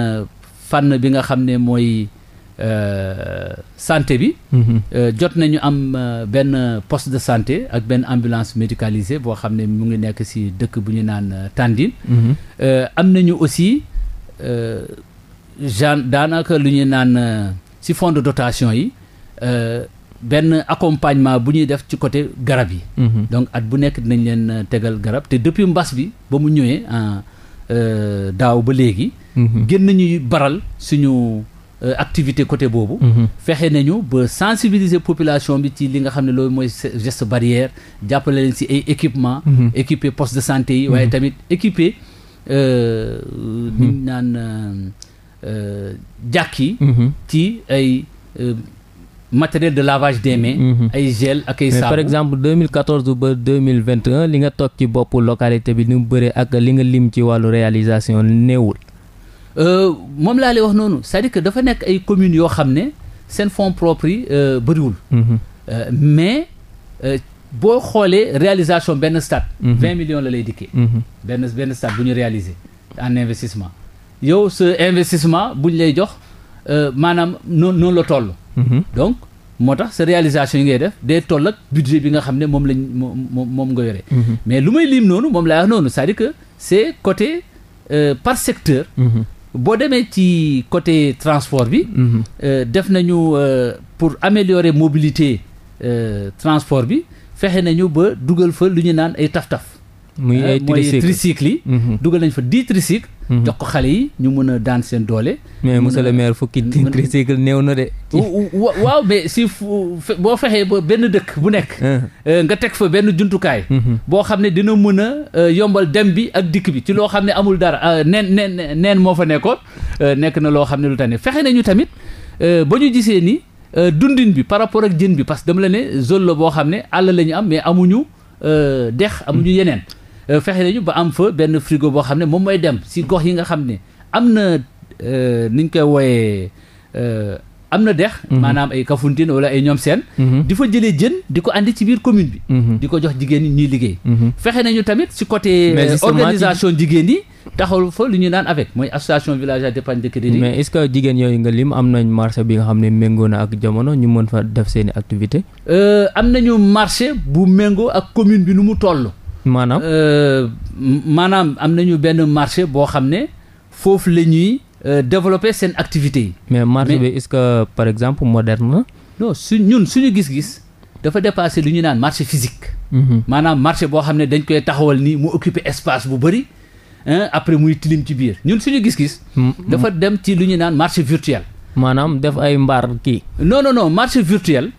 fànn bi nga xam ne mooy. Euh, santé bi. Mhm. Euh, jot nañu am euh, benn poste de santé ak benn ambulance médicalisée boo xam ne mu ngi nekk ci dëkk bu ñu naan Tandine. Mhm. am nañu aussi genre daanaka lu ñuy naan ci fonds de dotation yi. benn accompagnement bu ñuy def ci côté garab yi. Mhm. donc at bu nekk dinañ leen tegal garab te depuis mbas bi ba mu ñëwee daaw ba léegi. gën nañuy baral suñu Euh, activité côté boobu. Mhm. fexe nañu ba sensibiliser population bi ci li nga xam ne loolu mooy geste barrière jàppale leen ci ay équipement mhm. équiper poste de santé yi. waaye mhm. tamit équiper euh, ñu naan euh, jàkk yi. ci ay. matériel de lavage des mains. ay gel ak ay saabu. par exemple 2014 ba 2021 li nga toog ci bopp localité bi ni mu bëree ak li nga lim ci wàllu réalisation néewul. Euh, moom laa lay wax noonu cest à que dafa nekk ay communes yoo xam ne seen fonds propres yi euh, bëriwul. Mhm. Euh, mais boo xoolee réalisation benn stade. Mhm. vingt millions la lay dikkee. Mhm. benn benn stade bu ñu réaliser en investissement yow sa investissement bu ñu lay jox maanaam noonu noonu la toll. donc moo tax sa réalisation yi ngay def day toll ak budget bi nga xam ne moom lañ moom moom nga yore. mais lu may lim noonu moom laa wax noonu cest à que c'est côté par secteur. boo demee ci côté transport bi. Mhm. Euh, def nañu euh, pour améliorer mobilité euh, transport bi fexe nañu ba dugal fa lu ñu naan ay taf-taf. muy ay euh, tricycle yi mhm. dugal nañ fa dix tricycle mhm. jox ko xale yi ñu mën a daan seen doole mais monsieur le maire fukki tricycle néew na de waaw mais si boo fexee ba benn dëkk bu nekk ah. euh, nga teg fa benn jumtukaay mhm. boo xam ne dina mën a euh, yombal dem bi ak dikk bi ci loo xam ne amul dara neen neen neen moo fa nekkoon nekk na loo xam ne lu tane fexe nañu tamit ba ñu gisee ni dundin bi par rapport ak jën bi parce que dama la ne zone la boo xam ne àll la ñu am mais amuñu dex amuñu yeneen Euh, fexe nañu ba am fa benn frigo boo xam ne moom mooy dem si gox yi nga xam ne am na euh, ni ñu koy wooyee euh, am na dex mhm. maanaam ay Kafountine wala ay ñoom seen mhm. di fa jëlee jën di ko indi ci biir commune bi mhm. di ko jox jigéen ñi ñuy liggéey fexe nañu tamit si côté organisation jigéen yi taxawul fa lu ñu naan avec mooy association villageoise d'épargne de crédit que jigéen yooyu nga lim am nañ marché bi nga xam ne méngoo na ak jamono ñu mën fa def seeni activité am nañu marché bu méngoo ak commune bi nu mu toll maanaam. Euh, maanaam am nañu benn marché boo xam ne foofu la ñuy euh, développer seen activité yi. mais marché bi est-ce que par exemple moderne na. su ñun suñu gis-gis dafa dépasser lu ñu naan marché physique. Mhm. maanaam marché boo xam ne dañ koy taxawal nii mu occuper espace bu bëri. après muy tilim ci biir ñun suñu gis-gis. Mm-hmm. dafa dem ci lu ñu naan marché virtuel. maanaam def ay mbaar kii. non non non marché virtuel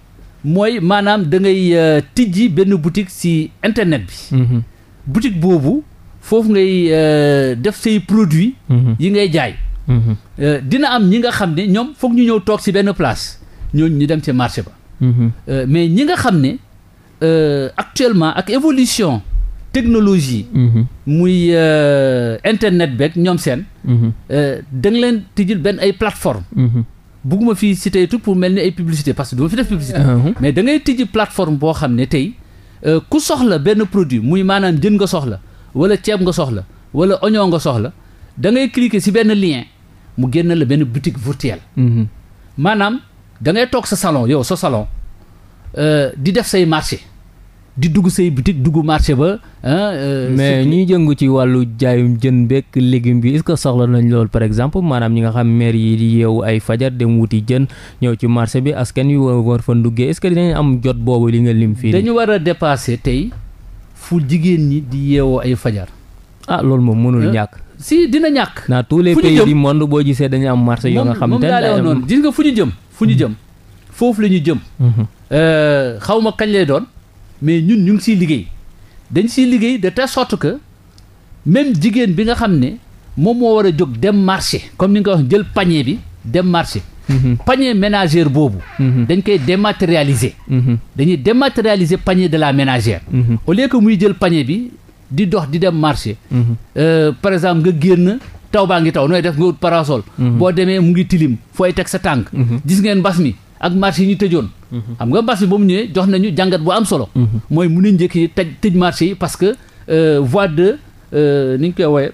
mooy maanaam da ngay euh, tijji benn boutique ci internet bi. Mhm. boutique boobu foofu ngay euh, def say produit mhm. yi ngay jaay. Mhm. Euh, dina am ñi nga xam ne ñoom foog ñu ñëw toog ci benn place ñooñu ñu dem ci marché ba. mais ñi nga xam ne actuellement ak évolution technologie. muy internet beeg ñoom seen. da leen tijjil benn ay plateforme bugguma fii cité tout pour mel ni ay publicité parce que du ma fi def publicité. Uh-huh. mais da ngay tijji plateforme boo xam ne tey euh, ku soxla benn produit muy maanaam jën nga soxla wala ceeb nga soxla wala oignon nga soxla da ngay si benn lien mu génn la benn boutique virtuelle. Mm-hmm. maanaam da ngay toog sa salon yow sa salon euh, di def say marché. di dugg say boutique dugg marché ba. Ah, euh, mais ñuy jëngu ci wàllu jaayum jën bekk légume bi est-ce que soxla nañ loolu par exemple maanaam ñi nga xam maire yi di yeewu ay fajar dem wuti jën ñëw ci marché bi askan wi war fa nduggee est-ce que am jot boobu li nga lim fii. dañu war a dépasser tey fu jigéen ñi di yeewoo ay fajar. ah loolu moom mënul euh, ñàkk. si dina ñàkk. naa tous les pays du monde boo gisee dañu am marché yoo nga xam te ne gis nga fu ñu jëm fu ñu hmm. jëm foofu la ñu jëm. Hmm. Euh, xaw ma kañ lay doon. mais ñun ñu ngi siy liggéey dañ siy liggéey de telle sorte que même jigéen bi nga xam ne moom moo war a jóg dem marché comme ni nga ko wax jël panier bi dem marché. Mm-hmm. panier ménagère boobu. Mm-hmm. dañ koy dématérialiser. Mm-hmm. dañuy dématérialiser panier de la ménagère. au lieu que muy jël panier bi di dox di dem marché. Euh, par exemple nga génn. taw baa ngi taw nooy def nga wut parasol. boo demee mu ngi tilim fooy teg sa tànk. gis ngeen mbas mi. ak marché yi ñu tëjoon. xam nga marché ba mu ñëwee jox nañu jàngat bu am solo. mooy mu ne njëkk yi tëj tëj marché que euh, voie de euh, ni ñu koy wooyee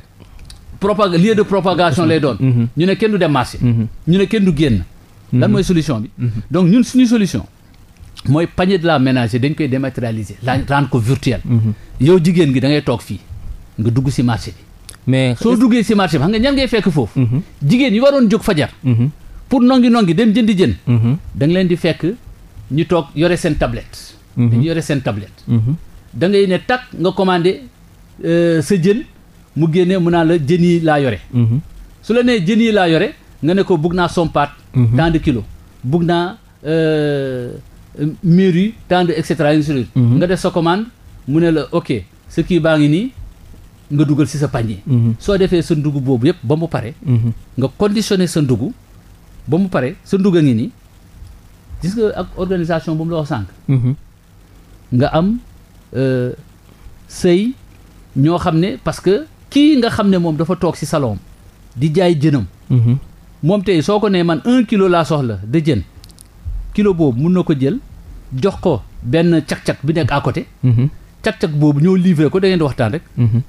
propag lieu de propagation lay doon. ñu ne kenn du dem marché. ñu ne kenn du génn. lan mooy solution bi. donc ñun suñu solution. mooy panier de la ménager dañ koy dématérialiser la rendre ko virtuel. yow jigéen gi da ngay toog fii nga dugg si marché bi. mais soo duggee si marché bi xam nga ñan ngay fekk foofu. Mhm. jigéen yi waroon jóg fajar. Mhm. pour nongi nongi dem jëndi jën. Mhm. da nga leen di fekk ñu toog yore seen tablette. Mhm. dañu yore seen tablette. Mhm. da ngay ne tak nga commandé euh, sa jën mu génne mu naa la jën yi laa yore. su la nee jën yi laa yore nga ne ko bugg naa sompat. tant de kilos bugg naa euh, mûri tant de et cetera. nga def sa commande mu ne la ok ce kii baa ngi nii. nga dugal ci sa panier. soo defee sa ndugg boobu yëpp ba mu pare. nga conditionné sa ndugg. ba mu pare sa ndugg a ngi nii gis ak organisation bu mu la wax sànq. Mm-hmm. nga am euh, sëy ñoo xam ne parce que kii nga xam ne moom dafa toog ci salon di jaay jënam. Mm-hmm. moom tey soo ko nee man un kilo laa soxla de jën kilo boobu mun na ko jël jox ko benn cak-cak bi nekk à cag-cag boobu ñoo livré ko da ngeen di waxtaan rek mhm.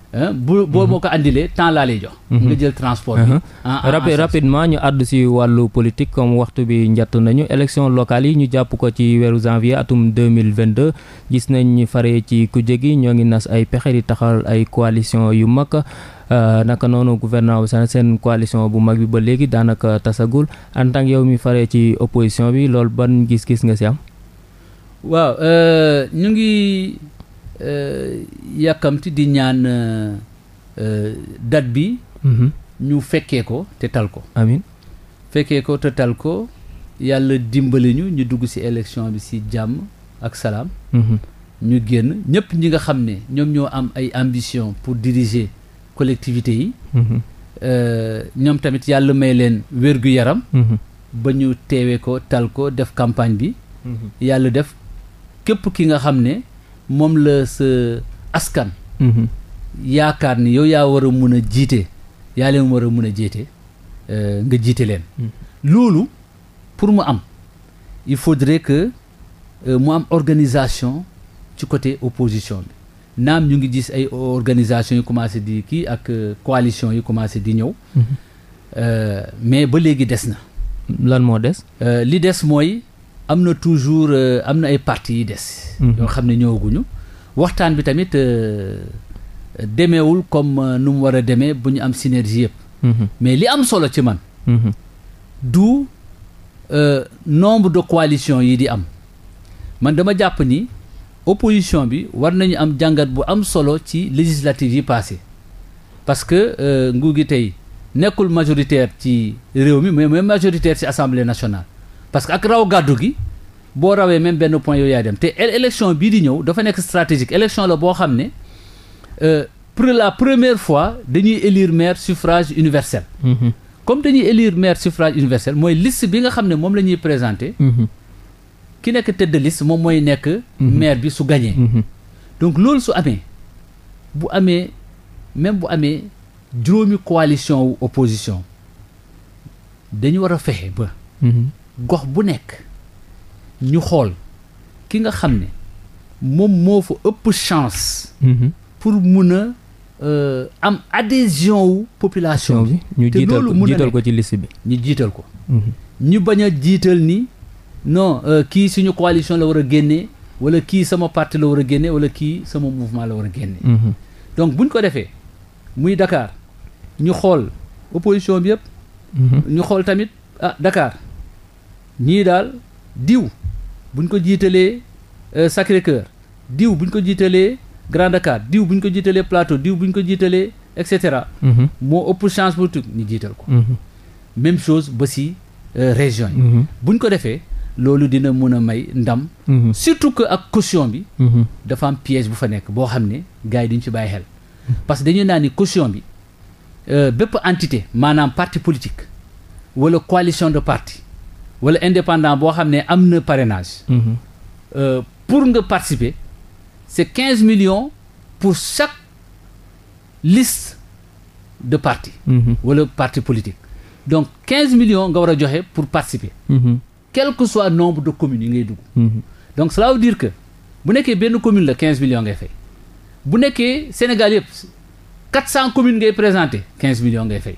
bu mhm. boo moo ko andilee temps laa lay jox mhm. nga jël transport bi uh-huh. ah, ah, ah, rapidement ñu àddu si wàllu politique comme waxtu bi njatt nañu élection locale yi ñu jàpp ko ci weeru janvier atum 2022 gis nañ ñu fare ci kujje gi ñoo ngi nas ay pexe di taxal ay coalition yu mag euh, naka noonu gouvernement bu Sénégal seen coalition bu mag bi ba léegi daanaka tasagul en tant que yow mi faree ci opposition bi lool ban gis-gis nga si am waaw euh, ñu ngi Euh, yàkkamti di ñaan euh, euh, date bi mm-hmm. ñu fekkee ko te tal ko amiin ko te ko yàlla dimbali ñu ñu dugg ci élection bi ci jàmm ak salaam mm-hmm. ñu génn ñëpp ñi nga xam ne ñoom ñoo am ay ambition pour diriger collectivité yi mm-hmm. ñoom tamit yàlla may leen wér-gu-yaram ba ñu teewee ko tal ko def campagne bi yàlla def képp ki nga xam ne moom la sa askan. Mhm. yaakaar ni yow yaa war a mun a jiite yaa leen war a mun a jiite euh, nga jiite leen. Mhm. loolu pour mu am il faudrait que euh, mu am organisation ci côté opposition bi naam ñu ngi gis ay organisation yu commencé di kii ak euh, coalition yu commencé di ñëw. Mhm. mais ba léegi des na. lan moo des. li des mooy. am na toujours euh, am na ay parti yi des. Mhm. yoo xam ne ñëwaguñu. waxtaan bi tamit euh, demeewul comme euh, nu mu war a demee bu ñu am synergie yëpp. Mhm. mais li am solo ci man. Mhm. du nombre de coalition yi di am man dama jàpp ni opposition bi war nañu am jàngat bu am solo ci législative yi passé parce que nguur gi tey nekkul majoritaire ci réew mi mais même majoritaire ci assemblée nationale. parce que ak raw gàddu gi boo rawee même benn point yooyu yaay dem te élection bii di ñëw dafa nekk stratégique élection la boo xam ne euh, pour la première fois dañuy élire maire suffrage universel. Mm-hmm. comme dañuy élire maire suffrage universel mooy liste bi nga xam ne moom la ñuy présenter. Mm-hmm. ki nekk tête de moom mooy nekk. Mm-hmm. maire bi su gagné. donc loolu su amee bu amee même bu amee juróomi coalition wu opposition dañu war a fexe ba. gox bu nekk ñu xool ki nga xam ne moom moo fa ëpp chance. Mhm. pour mun a euh, am adhésion wu population bi. ñu jiital ko jiital ko ci liste ñu jiital ko. ñu bañ a jiital ni non euh, kii suñu coalition la war a génne wala kii sama parti la war a génne wala kii sama mouvement la war a génne. Mhm. donc buñ ko defee muy Dakar ñu xool opposition bi yëpp. Mhm. ñu xool tamit ah Dakar. ñii daal diw buñ ko jiitalee euh, Sacré Cœur diw buñ ko jiitalee Grand Dakar diw buñ ko jiitalee Plateau diw bu buñ ko jiitalee et cetera. Mhm. moo ëpp chance politique ñu jiital ko. Mhm. même chose ba si euh, région yi. Mhm. buñ ko defee loolu dina mun a may ndam. surtout que ak caution bi. dafa am piège bu fa nekk boo xam ne gars yi duñ ci bàyyi xel. parce que dañuy naan ni caution bi euh, bépp entité maanaam partie politique wala coalition de parti wala indépendant boo xam ne am na parrainage. Mhm. Euh, pour nga participer c'est quinze millions pour chaque liste de parti. Mhm. wala parti politique. donc quinze millions nga war a joxe pour participer. Mhm. quel que soit nombre de commune yi ngay dugg. donc cela veut que bu nekkee benn commune la quinze millions ngay fay. bu nekkee Sénégal yëpp quatre cent communes ngay présenté quinze millions ngay fay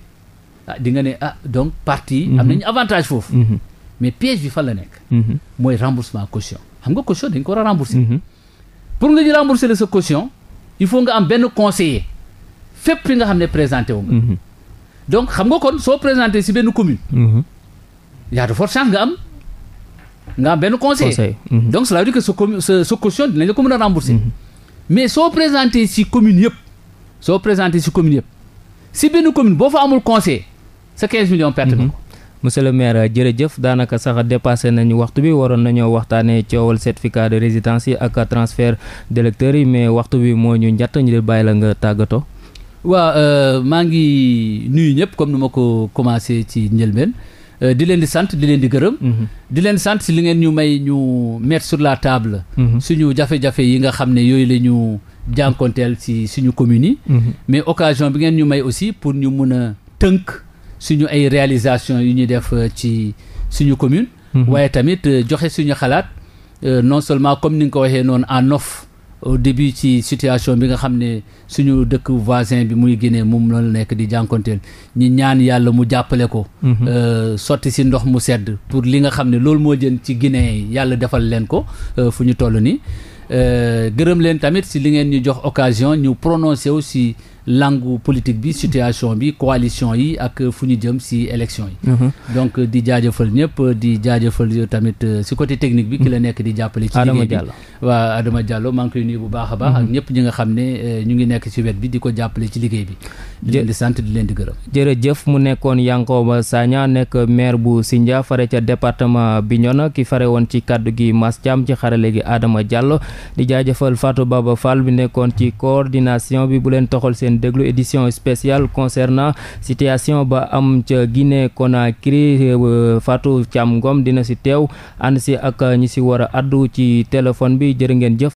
ah di nga ne ah donc parti yi. am nañu avantage foofu. mais piège bi la nekk. Mhm. mooy remboursement caution xam nga caution dañ ko war a rembourser. Mhm. pour nga ñu rembourser la sa caution il faut nga am benn conseiller fépp fi nga xam ne présenté wo nga. Mhm. donc xam nga kon soo présenté si benn commune. y a de fortes nga am nga am benn conseiller. conseiller. Mm -hmm. donc cela veut dire que sa commune sa sa caution dinañ la ko mën a rembourser. mais soo présenté si commune yëpp. soo présenté si commune yëpp si benn commune boo fa amul conseiller sa 15 millions perte monsieur le maire jërëjëf daanaka sax dépassé nañu waxtu bi waroon nañoo waxtaanee coowal certificat de résidence yi ak transfert d'électeurs yi mais waxtu bi moo ñu njatt ñu di bàyyi la ni euh, ma ko commencé ci njëlbeen euh, di leen di sant di leen di gërëm. Mhm. di leen sant si li ngeen ñu may ñu mettre sur la table. Mhm. suñu jafe-jafe yi nga xam ne yooyu la ñu jànkonteel si suñu communes yi. Mhm. mais occasion bi ngeen ñu may aussi pour ñu mun a tënk. suñu ay réalisation yu ñuy def euh, ci suñu commune mhm. waaye tamit euh, joxe suñu xalaat euh, non seulement comme ni nga ko waxee noonu en off au début ci situation bi nga xam ne suñu dëkk voisin bi muy Guinée moom loolu nekk di jànkonteel ñi ñaan yàlla mu jàppale ko mhm. sotti si ndox mu sedd pour li nga xam ne loolu moo jën ci Guinée yàlla defal leen ko fu ñu toll nii gërëm leen tamit si li ngeen ñu jox occasion ñu prononcé aussi langue politique bi situation bi coalition yi ak fu ñu jëm si élection yi. Mhm. donc di jaajëfal ñëpp di jaajëfal tamit si euh, côté technique bi. ki la nekk di jàppale ci liggéey bi waaw Adama bu baax a baax. ak mhm. ñëpp ñi euh, ñu ngi nekk si wet bi di ko jàppale ci liggéey di leen di sant di leen di gërëm. jërëjëf mu nekkoon Yankoba Sagna nekk maire bu Sindia fare ca département Bignona ki fare woon ci kàddu gi Mass Thiam ci xarale gi Adama Diallo di jaajëfal Fatou Baba Fall bi nekkoon ci coordination bi bu leen toxal seen ngeen déglu édition spéciale concernant situation ba am ca Guinée Conakry euh, Fatou Thiam Ngom dina si teew ànd si ak ñi si war a ci téléphone bi jërë ngeen jëf